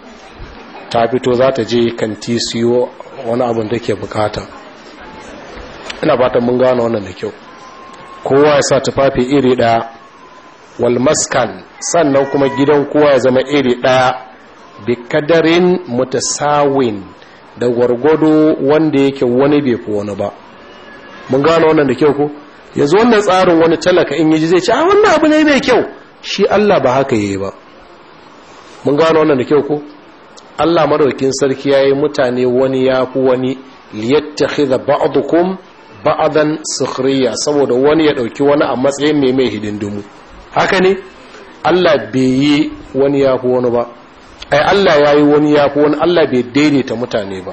ta fito za ta je kanti siyo wani abin da ke bukata ina ta mun gano wannan da kyau kowa ya sa tufafi iri ɗaya walmaskan sannan kuma gidan kowa ya zama iri ɗaya bi kadarin mutasawin da gwargwado wanda yake wani bai fi wani ba mun gano wannan da kyau ko yanzu wannan tsarin wani talaka in yaji zai ce a ah, wannan abu ne mai kyau shi Allah ba haka yayi ba mun gano wannan da kyau ko Allah madaukin sarki yayi mutane wani yafi wani liyattakhidha ba'dukum ba'dan sukhriya saboda wani ya dauki wani a matsayin mai mai hidindimu haka ne Allah bai yi wani yafi wani ba ai Allah yayi wani yafi wani Allah bai daidaita mutane ba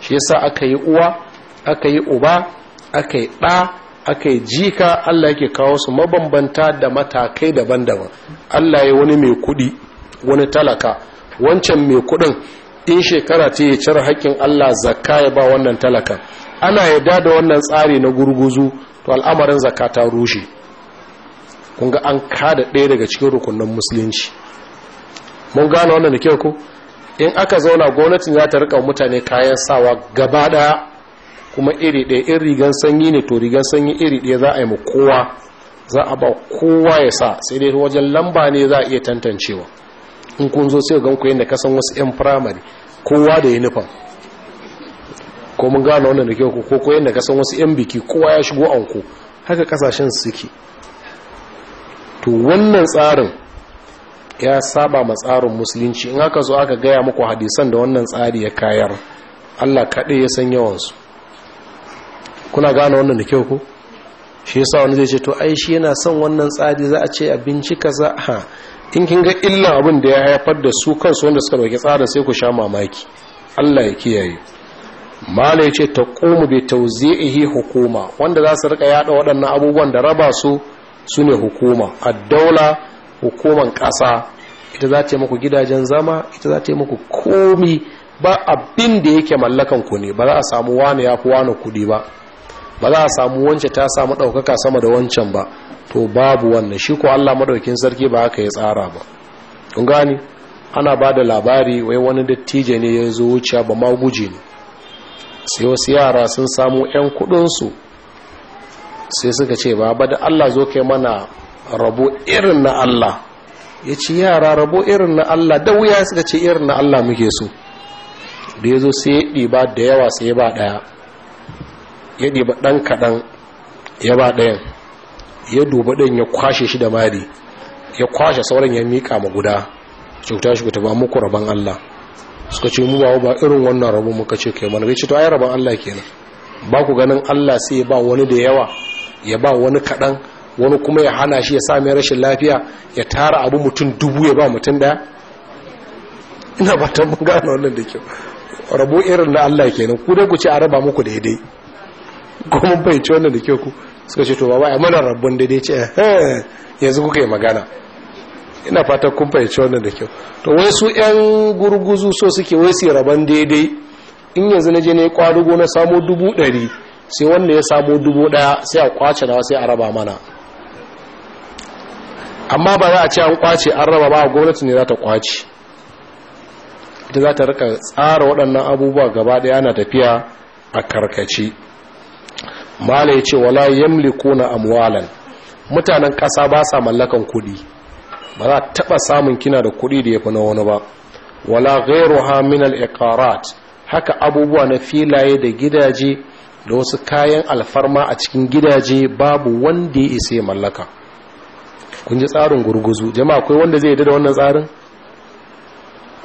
shi yasa aka yi uwa aka yi uba aka yi ɗa aka yi jika Allah yake kawo su mabambanta da matakai daban-daban Allah ya wani mai kudi wani talaka wancan mai kudin in shekara ce ya cire haƙƙin Allah zakka ya ba wannan talakan ana yadda da wannan tsari na gurguzu to al'amarin zakka ta rushe kun ga an kada ɗaya daga cikin rukunin musulunci mun gane wannan da kyau ko in aka zauna gwamnatin za ta rika mutane kayan sawa gaba ɗaya kuma iri ɗaya in rigan sanyi ne to rigan sanyi iri ɗaya za a yi kowa za a ba kowa ya sa sai dai wajen lamba ne za a iya tantancewa in kun zo sai gan ku yadda kasan wasu 'yan firamare kowa da nufan ko mun gano wannan da kyau ko ko ka kasan wasu 'yan biki kowa ya shigo anko haka kasashen suke to wannan tsarin ya saba ma tsarin musulunci in aka zo aka gaya muku hadisan da wannan tsari ya kayar Allah kaɗai ya san yawansu kuna gane wannan da kyau ko shi yasa wani zai ce to ai shi yana son wannan tsari za a ce abinci kaza ha in kin ga illa abin da ya haifar da su kansu wanda suka dauki tsarin sai ku sha mamaki Allah ya kiyaye mala yace taqumu bi tawzi'ihi hukuma wanda za su rika yada waɗannan abubuwan da raba su sune hukuma ad-daula hukuman ƙasa ita za ta yi muku gidajen zama ita za ta yi muku komi ba abin da yake mallakan ku ne ba za a samu wani ya fi wani kuɗi ba ba za a samu wance ta samu ɗaukaka sama da wancan ba to babu wannan shi ko Allah madaukin sarki ba haka ya tsara ba kun gani ana ba da labari wai wani dattijo ne ya zo wuciya ba ma guje ne sai wasu yara sun samu 'yan kuɗinsu sai suka ce ba ba da Allah zo kai mana rabo irin na Allah ya ce yara rabo irin na Allah da wuya suka ce irin na Allah muke so da ya zo sai ya ɗiba da yawa sai ya ba ɗaya ya ɗiba ɗan kaɗan ya ba ɗayan ya duba ɗin ya kwashe shi da mari ya kwashe sauran ya miƙa ma guda cuta shi ku ba muku rabon Allah suka ce mu ba ba irin wannan rabon muka ce kai mana ce to ai rabon Allah kenan ba ku ganin Allah sai ya ba wani da yawa ya ba wani kaɗan wani kuma ya hana shi ya sa mai rashin lafiya ya tara abu mutum dubu ya ba mutum daya ina ba ta mun gane wannan da kyau rabo irin na Allah kenan ku dai ku ce a raba muku daidai kuma bai wannan da kyau ku suka ce to ba ai mana rabbon da dai ce eh, yanzu kuka yi magana ina fata kun fahimci wannan da kyau to wai su yan gurguzu so suke wai su rabon daidai in yanzu na je ne kwadugo na samo dubu ɗari sai wanda ya samo dubu ɗaya sai a kwace na sai a raba mana amma ba za a ce an kwace an raba ba a gwamnati ne za ta kwace ita za ta rika tsara waɗannan abubuwa gaba ɗaya na tafiya a karkace mala ya ce wala a amwalan mutanen ƙasa ba sa mallakan kuɗi ba za taɓa samun kina da kuɗi da ya fi na wani ba wala gairu min al haka abubuwa na filaye da gidaje da wasu kayan alfarma a cikin gidaje babu wanda ya isa mallaka kun ji tsarin gurguzu jama'a akwai wanda zai yadda da wannan tsarin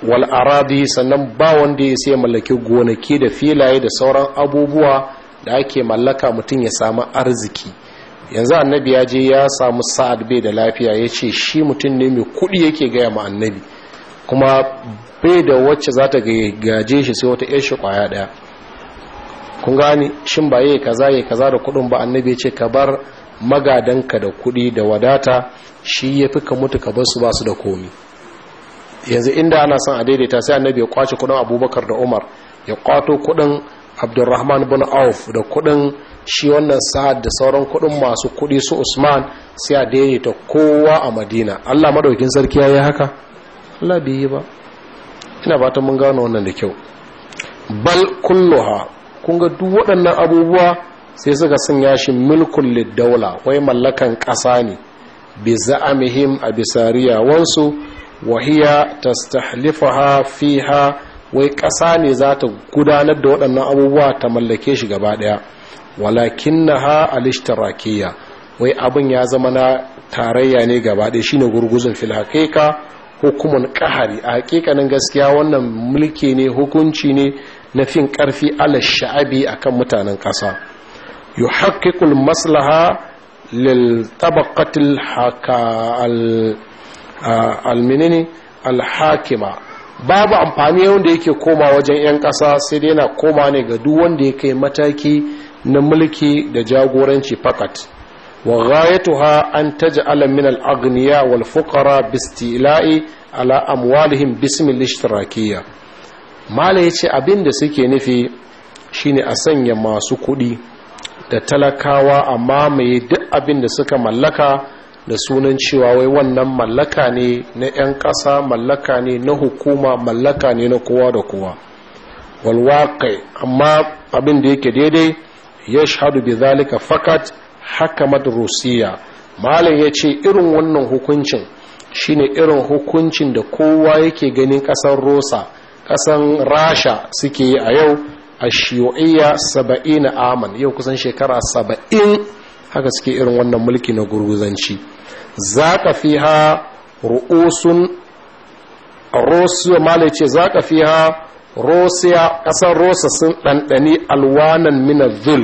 wal aradi sannan ba wanda ya isa mallaki gonaki da filaye da sauran abubuwa da ake mallaka mutum ya samu arziki yanzu annabi ya je ya samu sa'ad bai da lafiya ya ce shi mutum ne mai kuɗi yake gaya ma annabi kuma bai da wacce za ta gaje shi sai wata yar shi kwaya ɗaya kun gani shin ba yi kaza yi kaza da kuɗin ba annabi ce ka bar magadanka da kuɗi da wadata shi ya fi ka mutu ka bar su ba da komi yanzu inda ana son a daidaita sai annabi ya kwace kuɗin abubakar da umar ya kwato kuɗin abdurrahman bin auf da kudin shi wannan sa'ad da sauran kudin masu kudi su usman sai a daidaita kowa a madina allah madaukin sarki ya yi haka allah bai yi ba ina fatan mun gano wannan da kyau bal kulluha kun ga duk waɗannan abubuwa sai suka sanya shi mulkun liddaula wai mallakan ƙasa ne bi za'amihim a bisariya, bisariyawansu wahiya tastahlifaha fiha wai ƙasa ne za ta gudanar da waɗannan abubuwa ta mallake shi gaba ɗaya walakin na ha alishtarakiyya wai abin ya zama na tarayya ne gaba ɗaya shi shine gurguzun filhaƙiƙa hukumun ƙahari a haƙiƙanin gaskiya wannan mulki ne hukunci ne na fin ƙarfi ala sha'abi akan mutanen ƙasa yu haƙiƙul maslaha lil tabaqatil haka al hakima babu amfani wanda yake koma wajen 'yan ƙasa sai dai na koma ne ga duk wanda ya kai mataki na mulki da jagoranci fakat wa ha an taj'ala min al wal fukara bi istila'i ala amwalihim bism al-ishtirakiyya mala yace abin da suke nufi shine a sanya masu kuɗi da talakawa amma mai duk abin da suka mallaka da sunan cewa wai wannan mallaka ne na 'yan ƙasa mallaka ne na hukuma mallaka ne na kowa da kowa walwakai amma abin da yake daidai ya shahadu bi zalika fakat hakamat rusiya malam ya ce irin wannan hukuncin shine irin hukuncin da kowa yake ganin ƙasar rosa Ƙasan rasha suke yi a yau a shiyo'iyya saba'in aman yau kusan shekara saba'in haka suke irin wannan mulki na gurguzanci za ka fi ha ru'usun rosiya malai ce za ka fi ha rosiya ƙasar rosa sun ɗanɗani alwanan mina zul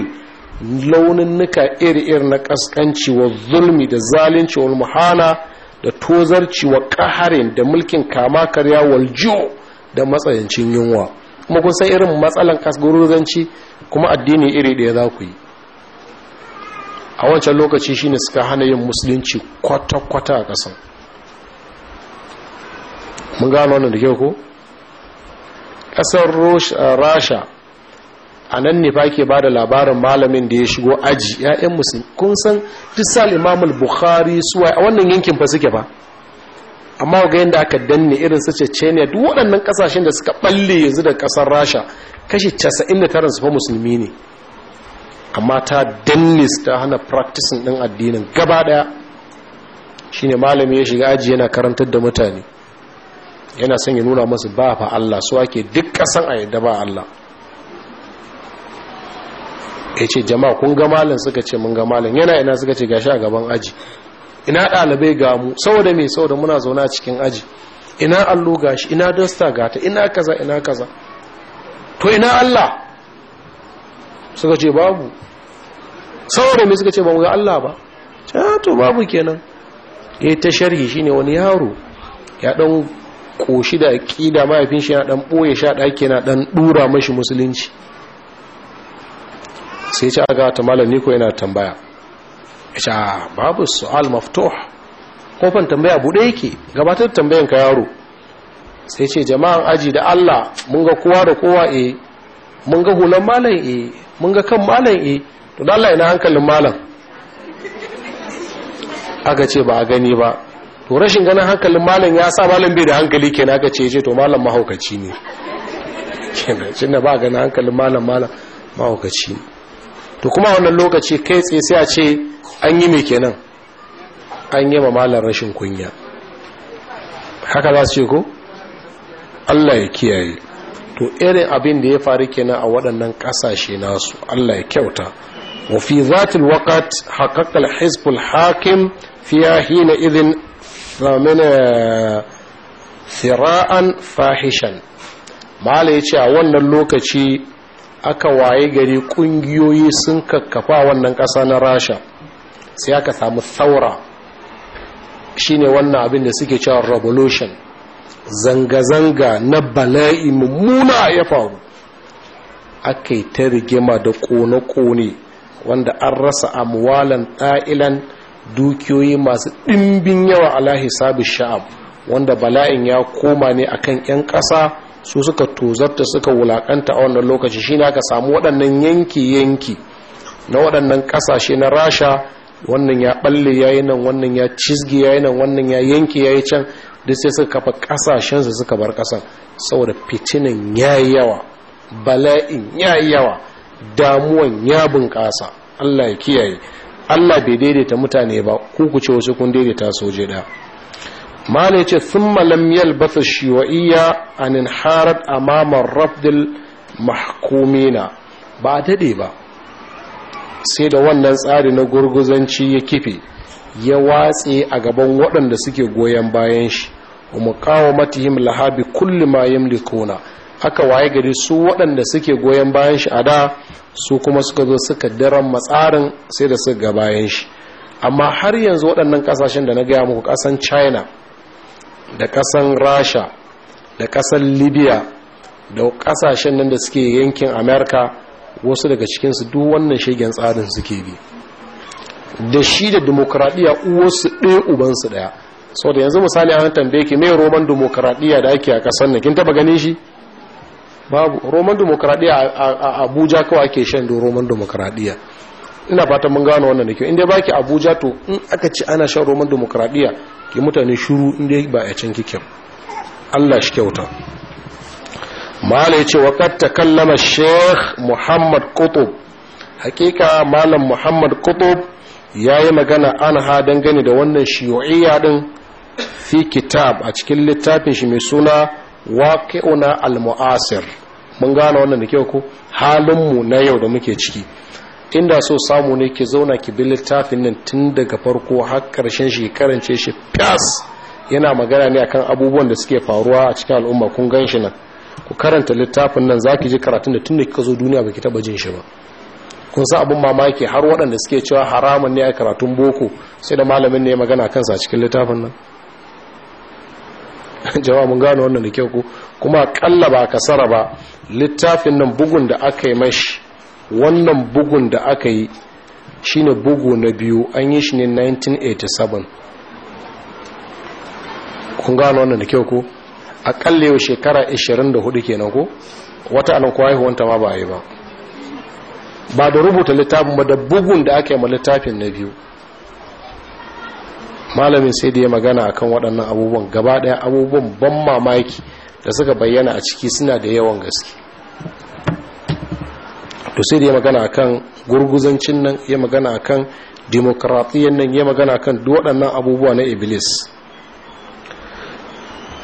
nuka iri-iri na ƙasƙanci wa zulmi da zalunci wa muhana da tozarci wa ƙaharin da mulkin kama karya wal da matsayancin yunwa kuma kun san irin matsalan kasgurozanci kuma addini iri ɗaya za ku yi a wancan lokaci shi ne suka hana yin musulunci kwata-kwata a ƙasar mun gano wannan da ke ko ƙasar rasha a nan ne fa ke ba da labarin malamin da ya shigo aji ya'yan musulmi kun san disal imamul bukhari suwa a wannan yankin fa suke ba amma ga yadda aka danne irin su ne duk waɗannan ƙasashen da suka ɓalle yanzu da ƙasar rasha kashi 99 su fa musulmi ne amma ta dannis ta hana practicing din addinin gaba daya shine malami ya shiga aji yana karantar da mutane yana son ya nuna masu ba fa Allah su ake duk kasan a yadda ba Allah ya ce jama'a kun ga malin suka ce mun ga malin yana ina suka ce gashi a gaban aji ina ɗalibai ga mu saboda me saboda muna zauna cikin aji ina allo gashi ina dosta gata ina kaza ina kaza to ina Allah suka ce babu saboda mai suka ce ba mu ga Allah ba ta to babu kenan ya ta sharhi shine wani yaro ya dan koshi da ƙida mahaifin shi ya dan boye sha daki na dan dura mashi musulunci sai ce aga ta malam niko yana tambaya ya ah, babu su'al maftuh kofan tambaya bude yake gabatar tambayan ka yaro sai ce jama'an aji da Allah mun ga kowa da kowa eh mun ga hulan malam eh mun ga kan malam e to Allah ina hankalin malam aka ce ba a gani ba to rashin ganin hankalin malam ya sa malam bai da hankali kenan aka ce to malam mahaukaci ne kenan tunda ba ganin hankalin malam malam mahaukaci ne to kuma wannan lokaci kai tsaye sai a ce an yi me kenan an yi ma malam rashin kunya haka za su ce ko Allah ya kiyaye to irin abin da ya faru kenan a waɗannan ƙasashe nasu Allah ya kyauta wa fi zatil waqt haƙaƙal al hakim fiha hina izin famina thira'an fahishan mala yace a wannan lokaci aka waye gari ƙungiyoyi sun kakkafa wannan ƙasa na Rasha sai aka samu saura shine wannan abin da suke cewa revolution zanga-zanga na bala'i mummuna ya faru aka yi ta rigima da kone-kone wanda an rasa amwalan ɗa'ilan dukiyoyi masu ɗimbin yawa ala hisabi sha'ab wanda bala'in ya koma ne kan 'yan ƙasa su suka tozarta suka wulaƙanta a wannan lokaci shi aka samu waɗannan yanki-yanki na waɗannan ƙasashe na rasha wannan ya ɓalle ya yi nan wannan ya cizgi ya yi nan wannan ya yanki ya yi can duk sai suka kafa kasashensu suka bar kasan saboda fitinin yayi yawa bala'in yi yawa damuwan ya bunƙasa Allah ya kiyaye Allah bai daidaita mutane ba ku ku ce wasu kun daidaita soje da mala yace malam yal basa shiwa'iyya a a mamar rafdil mahkumina ba a daɗe ba sai da wannan tsari na gurguzanci ya kife ya watse a gaban waɗanda suke goyon bayan shi kawo matihim lahabi kulli ma yamlikuna aka waye gari su waɗanda suke goyon bayan shi a da su kuma suka zo suka daren matsarin sai da suka bayan shi amma har yanzu waɗannan ƙasashen da na gaya muku ƙasan china da ƙasan rasha da ƙasan libya da ƙasashen nan da suke yankin america wasu daga cikinsu duk wannan shigen tsarin suke bi da shi da demokradiyya uwarsu ɗaya ubansu ɗaya sau da yanzu misali an tambaye ki mai roman demokradiyya da ake a ƙasar nan kin taba ganin shi babu roman demokradiyya a abuja kawai ake shan da roman demokradiyya ina fatan mun gano wannan da kyau inda baki abuja to in aka ci ana shan roman demokradiyya ki mutane shuru inda ba a can kike Allah shi kyauta mala yace wa ta takallama sheikh muhammad qutb hakika malam muhammad kutub ya yi magana ana ha dangane da wannan shiyo'iyya din fi kitab a cikin littafin shi mai suna waƙi'una al-mu'asir mun gane wannan da kyau ku halinmu na yau da muke ciki inda so samu ne ki zauna ki bi littafin nan tun daga farko har karshen shi karance shi fas yana magana ne akan abubuwan da suke faruwa a cikin al'umma kun gan shi nan ku karanta littafin nan zaki ji karatun da tun da kika zo duniya baki taba jin shi ba kun sa abin mamaki har waɗanda suke cewa haramun ne a karatun boko sai da malamin ne magana kansa cikin littafin nan jama'a mun gano wannan da kyau ku kuma kalla ba kasara ba littafin nan bugun da aka yi mashi wannan bugun da aka yi shi ne bugu na biyu an yi shi ne 1987 kun gano wannan da kyau ku akalla yau shekara 24 kenan ko wata anan kwaye wanta ma ba a yi ba ba da rubuta littafin ba da bugun da aka yi ma littafin na biyu malamin sai da ya magana a kan waɗannan abubuwan gaba ɗaya abubuwan ban mamaki da suka bayyana a ciki suna da yawan gaske to sai da ya magana a kan gurguzancin nan ya magana a kan demokratiyan nan ya magana a kan waɗannan abubuwa na iblis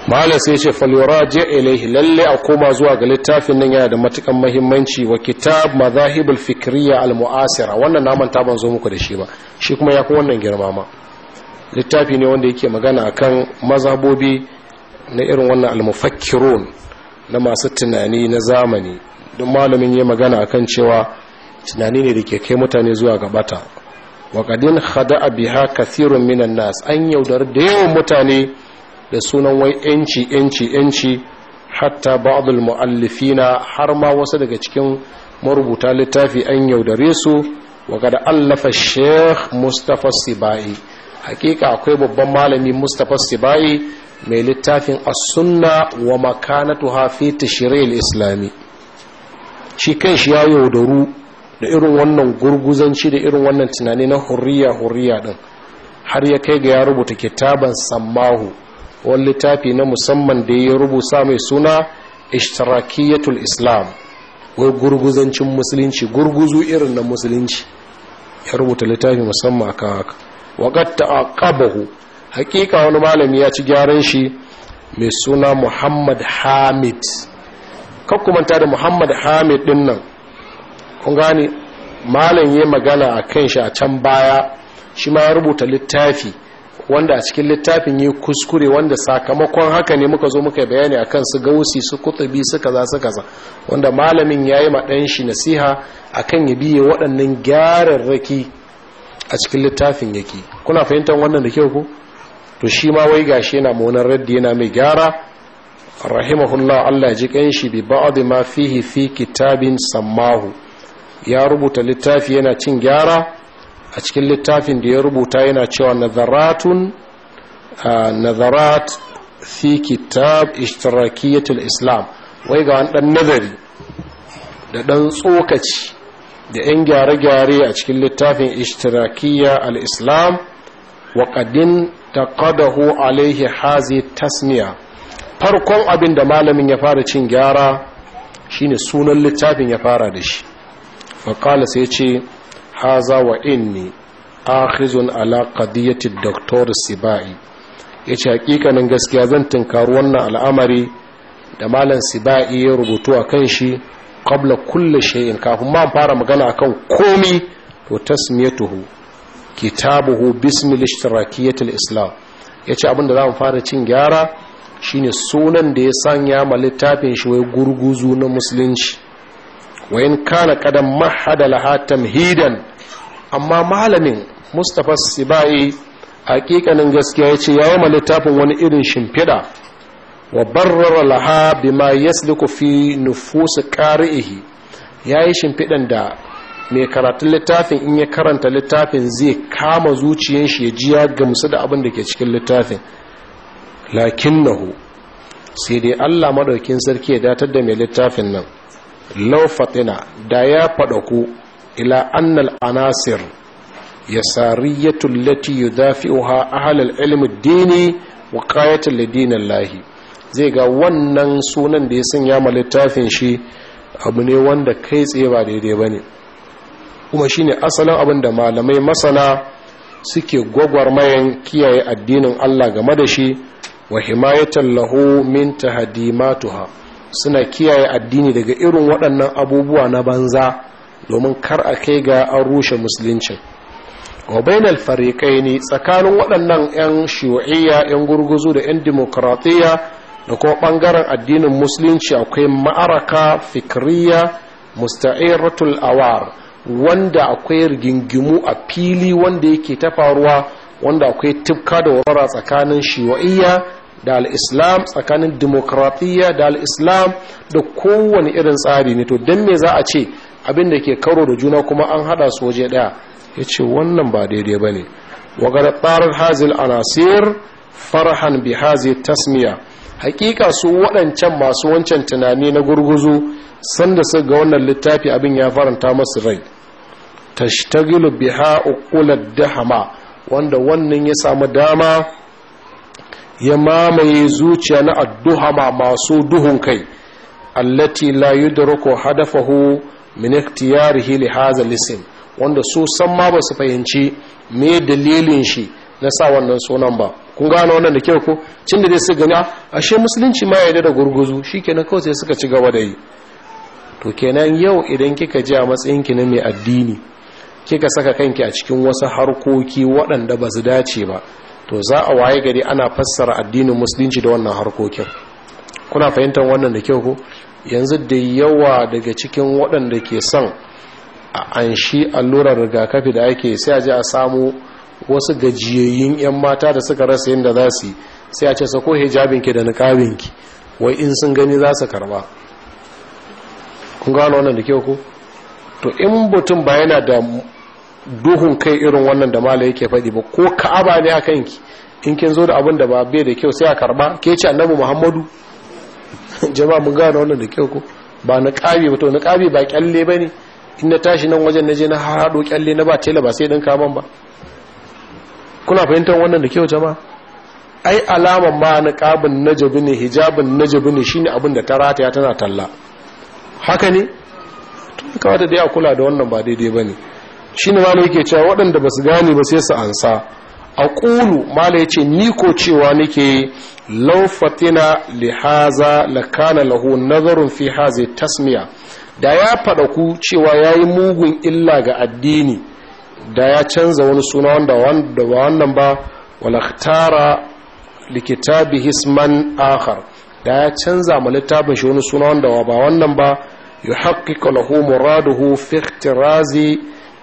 malam sai ce falyuraji ilaihi lalle a koma zuwa ga littafin nan yana da matukan muhimmanci wa kitab mazahibul fikriya al mu'asira wannan na manta ban zo muku da shi ba shi kuma ya fi wannan girma ma littafi ne wanda yake magana akan mazhabobi na irin wannan al mufakkirun na masu tunani na zamani don malamin ya magana akan cewa tunani ne da ke kai mutane zuwa ga bata wa qadin khada'a biha kathirun minan nas an yaudar da yawan mutane da sunan wai yanci yanci yanci hatta ba'dul mu'allifina har ma wasu daga cikin marubuta littafi an yaudare su wa kada allafa sheikh mustafa sibai hakika akwai babban malami mustafa sibai mai littafin as-sunna wa makanatuha fi tashri'il islami shi kan shi ya yaudaru da irin wannan gurguzanci da irin wannan tunani na hurriya hurriya din har ya kai ga ya rubuta kitaban sammahu wani littafi na musamman da ya rubuta mai suna ishtirakiyatul islam wai gurguzancin musulunci gurguzu irin na musulunci ya rubuta littafi musamman a kawaka wakatta a kabahu. hakika wani malami ya ci gyaran shi mai suna Muhammad Hamid kakkumanta da Muhammad Hamid din nan kun gane malam yayi magana a kan shi a can baya shi ma ya rubuta littafi wanda a cikin littafin yi kuskure wanda sakamakon haka ne muka zo muka bayani a kan su gausi su kutubi su kaza su kaza wanda malamin ya yi maɗan shi nasiha a kan ya biye waɗannan gyararraki a cikin littafin yake kuna fahimtar wannan da kyau ku to shi ma wai gashi yana munar raddi yana mai gyara rahimahullah Allah ji shi bi ba'adu ma fihi fi kitabin sammahu ya rubuta littafi yana cin gyara a cikin littafin da ya rubuta yana cewa nazaratun nazarat fi kitab ishtirakiyyatul islam wai ga wani dan nazari da dan tsokaci da 'yan gyare-gyare a cikin littafin ishtirakiyya al-islam waƙadin taƙadahu alaihi hazi tasmiya farkon abin da malamin ya fara cin gyara shine sunan littafin ya fara da shi faƙala sai ce haza wa inni akhizun ala qadiyati doktor sibai yace hakikanin gaskiya zan tunkaru wannan al'amari da malam sibai ya rubutu a kan shi qabla kulli shay'in kafin ma fara magana akan komi to tasmiyatuhu kitabuhu bismil ishtirakiyati al-islam yace abinda zamu fara cin gyara shine sunan da ya sanya ma littafin shi wai gurguzu na musulunci wa in kana kadan mahada laha tamhidan amma malamin mustapha sibai hakikanin gaskiya ya ce ya yi littafin wani irin shimfiɗa wa barrara laha bima yasliku fi nufusu ƙari'ihi ya yi shimfiɗan da mai karatun littafin in ya karanta littafin zai kama zuciyan shi ya ji ya gamsu da abin da ke cikin littafin lakin nahu sai dai allah maɗaukin sarki ya datar da mai littafin nan law fatina da ya ku ila annal anasir yasariyatu allati yudafi'uha ahlul ilmi dini wa qayatu lidinillahi zai ga wannan sunan da ya sanya ma littafin shi abu ne wanda kai tsaye ba daidai bane kuma shine asalin abin da malamai masana suke gwagwarmayan kiyaye addinin Allah game da shi wa himayatan lahu min tahdimatuha suna kiyaye addini daga irin waɗannan abubuwa na banza domin kar a kai ga an rushe musulunci obin farikai ne tsakanin waɗannan 'yan shiwa'iyya 'yan gurguzu da 'yan demokratiyya da kuma ɓangaren addinin musulunci akwai ma'araka fikiriya musta'iratul awar wanda akwai rigingimu a fili wanda yake ta faruwa wanda akwai tufka da wurara tsakanin shiwa'iyya da al'islam tsakanin demokratiya da al'islam da kowane irin tsari ne to don me za a ce abin da ke karo da juna kuma an hada su waje daya ya ce wannan ba daidai ba ne wagar tsarar hazil anasir farhan bi hazi tasmiya hakika su waɗancan masu wancan tunani na gurguzu sanda su ga wannan littafi abin ya faranta masu rai tashtagilu biha uqulad dahama wanda wannan ya samu dama ya mamaye zuciya na adduhama masu duhun kai allati la yudraku hadafahu min ikhtiyarihi li hadha wanda su san ma ba su fahimci me dalilin shi na sa wannan sunan ba kun gane wannan da kyau ko cin da dai su gani ah, ashe musulunci ma ya da gurguzu shikenan kawai sai suka ci gaba da yi to kenan yau idan kika ji a matsayin ki na mai addini kika saka kanki a cikin wasu harkoki waɗanda ba su dace ba to za a waye gari ana fassara addinin musulunci da wannan harkokin kuna fahimtar wannan da kyau ko yanzu da yawa daga cikin waɗanda ke son a anshi allurar rigakafi da ake sai a ji a samu wasu gajiyayyun 'yan mata da suka rasa yin da za su yi sai a ce hijabin hijabinki da ki wai in sun gani za su karba kun gano wannan da kyau ko to in mutum ba yana da duhun kai irin wannan da mala yake faɗi ba ko ka'aba ne a kanki in kin zo da abin da ba bai da kyau sai a karba ke ce annabi muhammadu jama'a mun gane wannan da kyau ko ba na ƙabe ba to na ƙabe ba kyalle ba ne in na tashi nan wajen na je na haɗo kyalle na ba tela ba sai ɗin kaman ba kuna fahimtar wannan da kyau jama'a ai alaman ma na ƙabin najabi ne hijabin najabi ne shine abin da ta rataya tana talla haka ne tun kawata dai a kula da wannan ba daidai ba ne shi ne mana yake cewa waɗanda ba su gane ba sai su ansa a ƙulu mala ya ce ni ko cewa nake laufatina lihaza lakana lahu nazarin fi haze tasmiya da ya faɗa ku cewa ya yi mugun illa ga addini da ya canza wani suna wanda ba wannan ba walaktara likitabi hisman akhar da ya canza ma littafin shi wani suna wanda ba wannan ba yuhaqqiqu lahu muraduhu fi ihtirazi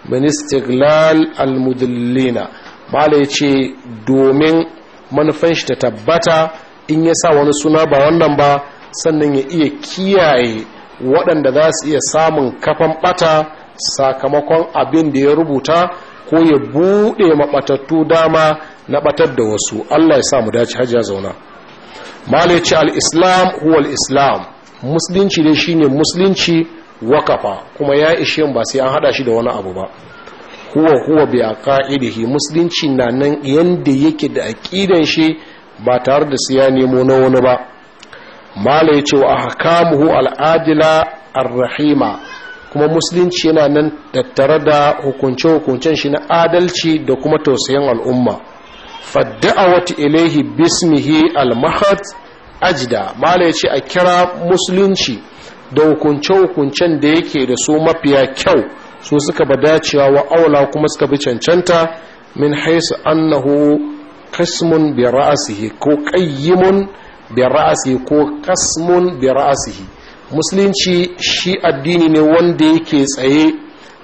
min istiglal almudillina mala ya ce domin manufan shi ta tabbata in ya sa wani suna ba wannan ba sannan ya iya kiyaye waɗanda za su iya samun kafan ɓata sakamakon abin da ya rubuta ko ya buɗe maɓatattu dama na ɓatar da wasu allah ya sa mu dace hajji zauna mala al-islam huwa al-islam musulunci ne shine musulunci wakafa kuma ya ishe ba sai an hada shi da wani abu ba huwa huwa bi aqaidihi musulunci na nan yanda yake da aqidan shi ba tare da siya nemo na wani ba mala yace wa ahkamuhu al-adila ar-rahima kuma musulunci yana nan tattare da hukunce-hukuncen shi na adalci da kuma tausayin al'umma fadda'awati ilaihi bismihi al-mahad ajda mala yace a kira musulunci da hukunce-hukuncen da yake da su mafiya kyau su suka ba dacewa wa aula kuma suka bi cancanta min haisu annahu kasmun bi ra'asihi ko qayyimun bi ra'asihi ko kasmun bi ra'asihi musulunci shi addini ne wanda yake tsaye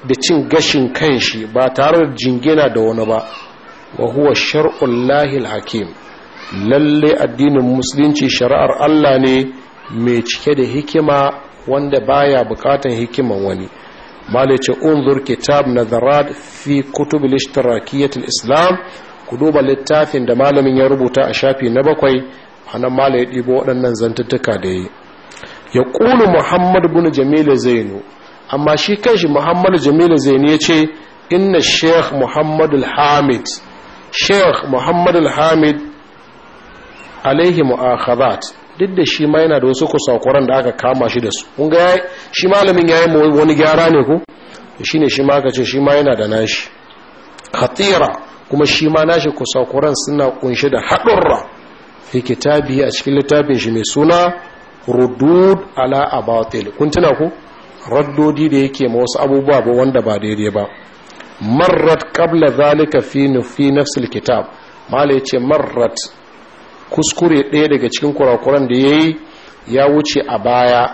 da cin gashin kanshi ba tare da jingina da wani ba wa huwa shar'ul lahil hakim lalle addinin musulunci shari'ar Allah ne mai cike da hikima wanda baya bukatan hikiman wani malai ce unzur kitab nazarat fi kutub al-ishtirakiyat al-islam ku duba littafin da malamin ya rubuta a shafi na bakwai anan malai ya dibo waɗannan zantuttuka da yi ya ƙulu muhammad bin jamilu zainu amma shi kanshi muhammad jamilu zainu ya ce inna sheikh muhammad al-hamid sheikh muhammad al-hamid alaihi mu'akhadat duk da shi ma yana da wasu kusakuran da aka kama shi da su kun ga shi malamin ya yi wani gyara ne ko shi ne shi ma aka ce shi ma yana da nashi hatira kuma shi ma nashi kusakuran suna kunshe da haɗurra fi kitabi a cikin littafin shi mai suna rudud ala abatil kun tuna ku. raddodi da yake ma wasu abubuwa ba wanda ba daidai ba marrat qabla zalika fi fi nafsil kitab mala yace marrat kuskure ɗaya daga cikin kurakuran da ya yi ya wuce a baya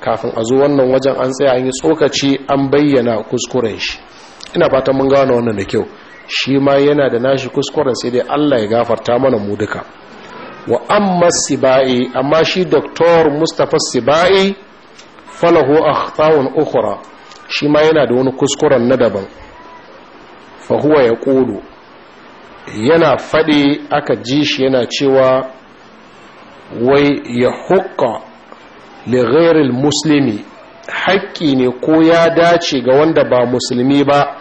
kafin a zo wannan wajen an tsaya an yi tsokaci an bayyana kuskuren shi ina fatan mun gano wannan da kyau shi ma yana da nashi kuskuren sai dai Allah ya gafarta mana mu duka wa amma sibai amma shi doktor Mustapha sibai falahu akhtawun ukhra shi ma yana da wani kuskuren na daban fa huwa yaqulu yana faɗi aka ji shi yana cewa wai ya hukka lighairil musulmi haƙƙi ne ko ya dace ga wanda ba musulmi ba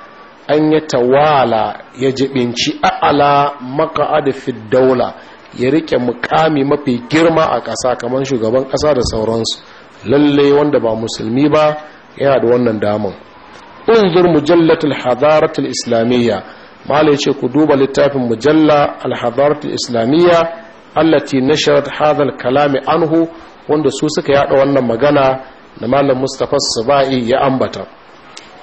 an yi tawala ya jibinci a'ala maka adafi daula ya rike mukami mafi girma a ƙasa kamar shugaban ƙasa da sauransu lalle wanda ba musulmi ba yana da wannan damar unzur mujallatul hadaratul islamiyya malai ce ku duba littafin mujalla alhadaratul islamiyya allati nasharat hadal kalami anhu wanda su suka yada wannan magana da malam mustapha sabai ya ambata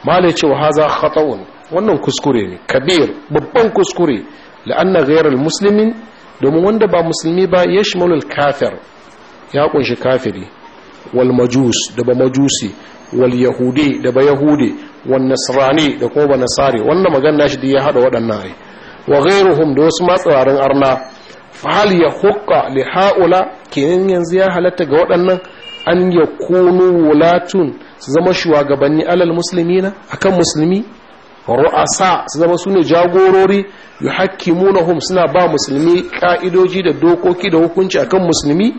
malai ce wa haza khata'un wannan kuskure ne kabir babban kuskure la'anna ghayral muslimin domin wanda ba musulmi ba yashmalul kafir ya kunshi kafiri wal majus da ba majusi wal yahudi da ba yahudi nasrani da kuma ba nasari wannan magana shi da ya hada waɗannan ai wa ghairuhum da wasu matsararin arna fa hal yahqa li haula kenan yanzu ya halatta ga waɗannan an yakunu wulatun su zama shugabanni alal muslimina akan musulmi ru'asa su zama sune jagorori yuhakkimunahum suna ba musulmi ka'idoji da dokoki da hukunci akan musulmi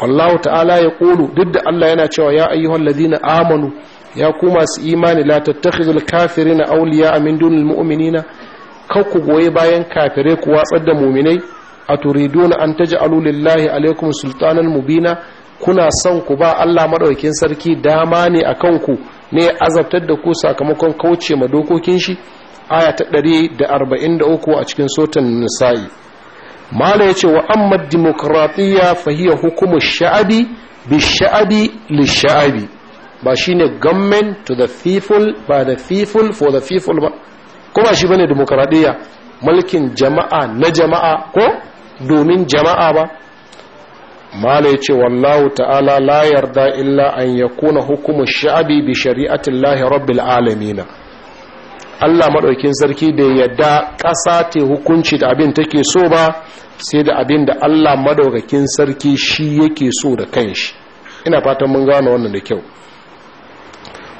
wallahu ta'ala ya ƙulu duk da Allah yana cewa ya ayyuhan ladina amanu ya ku su imani la tattakhizul kafirina awliya min dunil mu'minina kar ku goyi bayan kafire ku watsar da mu'minai a na an taj'alu lillahi alaikum sultanan mubina kuna son ku ba Allah maɗaukin sarki dama ne akan ku ne azabtar da ku sakamakon kauce ma dokokin shi aya ta 143 a cikin sotan nisa'i mala ya ce wa amma dimokuraɗiyya fahiyar hukumar sha'abi bi sha'abi li sha'abi ba shi ne government to the people by the people for the people ba kuma shi ne dimokuraɗiyya mulkin jama'a na jama'a ko domin jama'a ba mala ya ce wallahu ta'ala la yarda illa an yakuna hukumar sha'abi bi shari'atin lahi rabbil alamina Allah maɗaukin sarki bai yadda ƙasa ta hukunci da abin take so ba sai da abin da Allah maɗaukakin sarki shi yake so da kanshi ina fatan mun gano wannan da kyau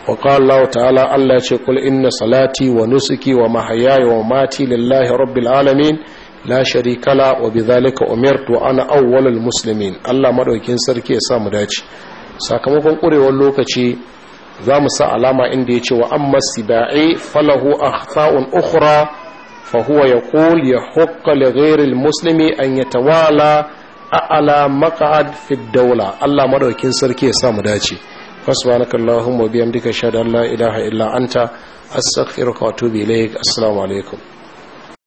wa qala ta'ala Allah ce kul inna salati wa nusuki wa mahayaya wa mati lillahi rabbil alamin la sharika la wa bidhalika umirtu ana awwalul muslimin Allah maɗaukin sarki ya sa mu dace sakamakon ƙurewar lokaci za mu sa alama inda ya ce wa amma siba'i falahu akhta'un ukhra fahuwa ya yaqul yahqa li ghayri almuslimi an yatawala a'la maq'ad fiddaula ad Allah maɗaukin sarki ya sa mu dace subhanaka allahumma wa duka shada la ilaha illa anta astaghfiruka wa atubu assalamu alaikum